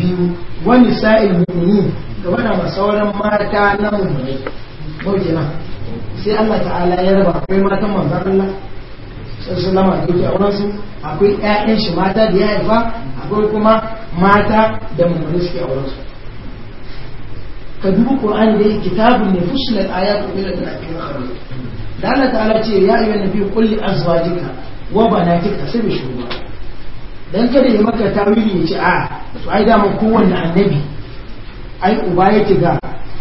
biyu wani sa'il mu'mini ka faɗa ma sauran mata na mu'minai mawjina sai Allah ta'ala ya raba akwai matan manzon Allah sallama da yake auren su akwai ƴaƴan shi mata da ya haifa akwai kuma mata da mu'minai suke auren su ka dubi qur'ani da yake kitabun ne fusilat ayatu min al-rafi da Allah ta'ala ce ya ayyuhan nabi kulli li azwajika wa banatika sai bi shuru dan kada ya maka tawili ya ce a to ai da mun kowanne annabi ai uba yake ga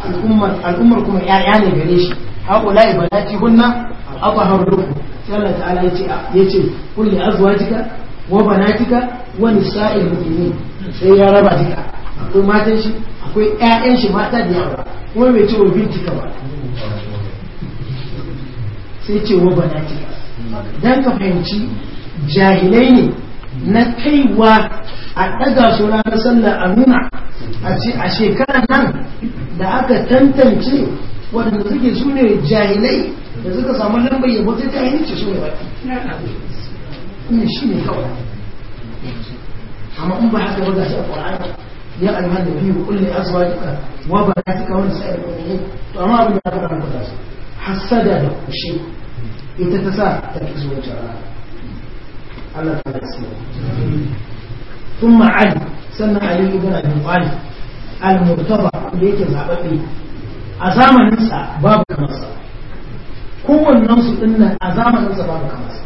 al'ummar al'ummar kuma ya'ya ne gare shi haƙula ibanati hunna abu harruku sai Allah ta'ala ya ce kulli azwajika wa banatika wa nisa'il mu'minin sai ya raba duka akwai matan shi akwai ƴaƴan shi mata da yawa kuma mai ce wa bintika ba sai ce wa banatika don ka fahimci jahilai ne na kaiwa a ɗaga su ranar sallar a nuna a shekara nan da aka tantance waɗanda suke su ne jahilai da suka samu lambar yabo ta ce su ne baki ne shi ne kawai amma in ba haka ba za su a ƙwararra يا أيها النبي قل أزواجك وبناتك ونساء المؤمنين وما بما يقول عن الناس حسدها الشيء يتتساهل تركز وجهها الله تعالى ثم علي سمى علي بن أبي طالب المرتضى اللي yake أزام النساء باب babu كو النص إن أزام النساء باب babu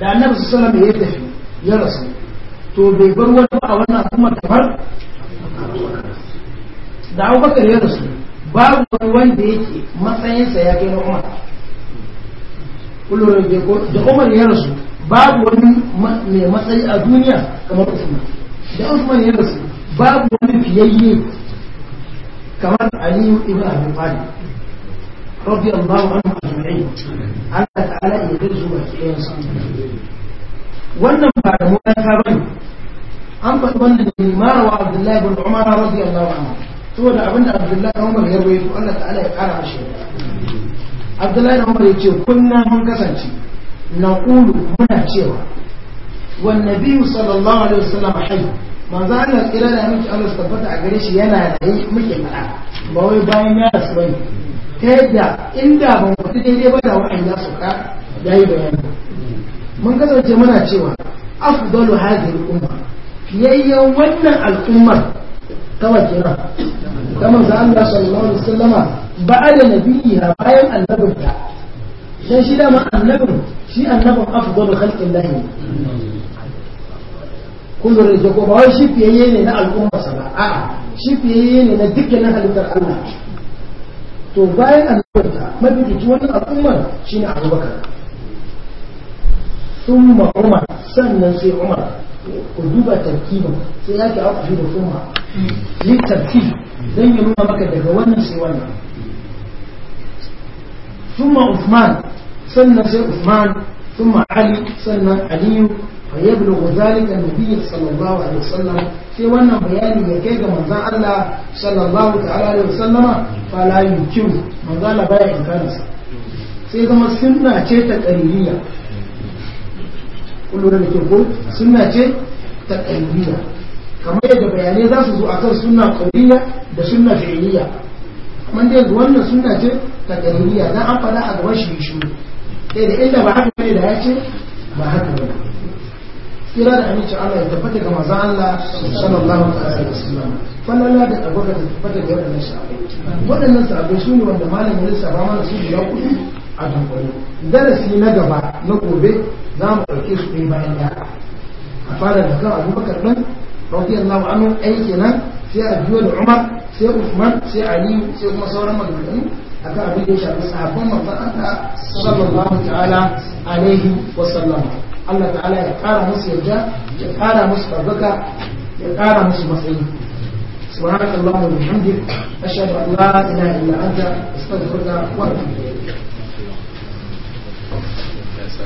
لأن النبي صلى الله عليه وسلم ya tafi ya rasu to bai bar wani a wannan al'ummar kamar da abubakar ya rasu babu wani wanda yake matsayinsa ya kai na umar kullum da ko da umar ya rasu babu wani mai matsayi a duniya kamar usman da usman ya rasu babu wani fiyayye kamar aliyu ibn abu talib radiyallahu anhu ajma'in Allah ta'ala ya yarda zuwa ba kiyayen wannan ba da mutaka ba ne an faɗi wannan ne mara wa abdullahi bin umar radiyallahu anhu saboda abin da abdullahi bin umar ya rawaito Allah ta'ala ya kara mashi abdullahi bin umar ya ce kunna mun kasance na ƙulu muna cewa wannan biyu sallallahu alaihi wasallam hayy manzo Allah kira da miki Allah ta tabbata a gare shi yana da yi muke fada ba wai bayan ya rasu bane ta yadda inda ban wata daidai ba da wa'an ya sauka yayi bayani mun kasance mana cewa afdalu hadhihi al-umma fiyayyan wannan al'ummar ta wakira ta da Allah sallallahu alaihi wasallama ba'ada nabiyya bayan annabinta dan shi da ma annabin shi annabin afdalu khalqin lahi kullu rizqu ba wai shi fiyayye ne na al'ummar sa ba a'a shi fiyayye ne na dukkanin halittar Allah to bayan annabinta mabiyi wannan al'ummar shine Abubakar ثم عمر سنة سي عمر قدوبة تركيبا سيأتي أقفل ثم للتركيب زي نوما مكة دقوانا سيوانا ثم عثمان سنة سي عثمان ثم علي سنة علي فيبلغ ذلك النبي صلى الله عليه وسلم في وانا بيان يكيد من ذا الله صلى الله تعالى عليه وسلم فلا يمكن من ذا لبايع إمكانسا سيدما سنة شيء تقريبية lura da ke ko suna ce ta ƙauniya kamar yadda bayanai za su zo a kan suna ƙauniya da suna fi'iliya amma da wannan suna ce ta ƙauniya dan an faɗa a gaban shi shi sai da inda ba haka ne da ya ce ba haka ba kira da amincin Allah ya tabbata ga maza Allah sallallahu alaihi wasallam wannan la da tabbata da tabbata ga wannan waɗannan sahabbai su ne wanda malamin ba mana su guda kuɗi a tambayi darasi na gaba na gobe za mu ɗauke su ɗaya bayan ɗaya a fara da kan abubakar ɗin rauti allahu anu aiki nan sai a biyo da umar sai usman sai aliyu sai kuma sauran maganganu a kan abin da ya shafi sahabban manzon allah sallallahu ta'ala alaihi wa sallam allah ta'ala ya ƙara musu yarda ya ƙara musu ɗaukaka ya ƙara musu matsayi سبحانك اللهم وبحمدك أشهد أن لا إله إلا أنت أستغفرك وأتوب إليك Yes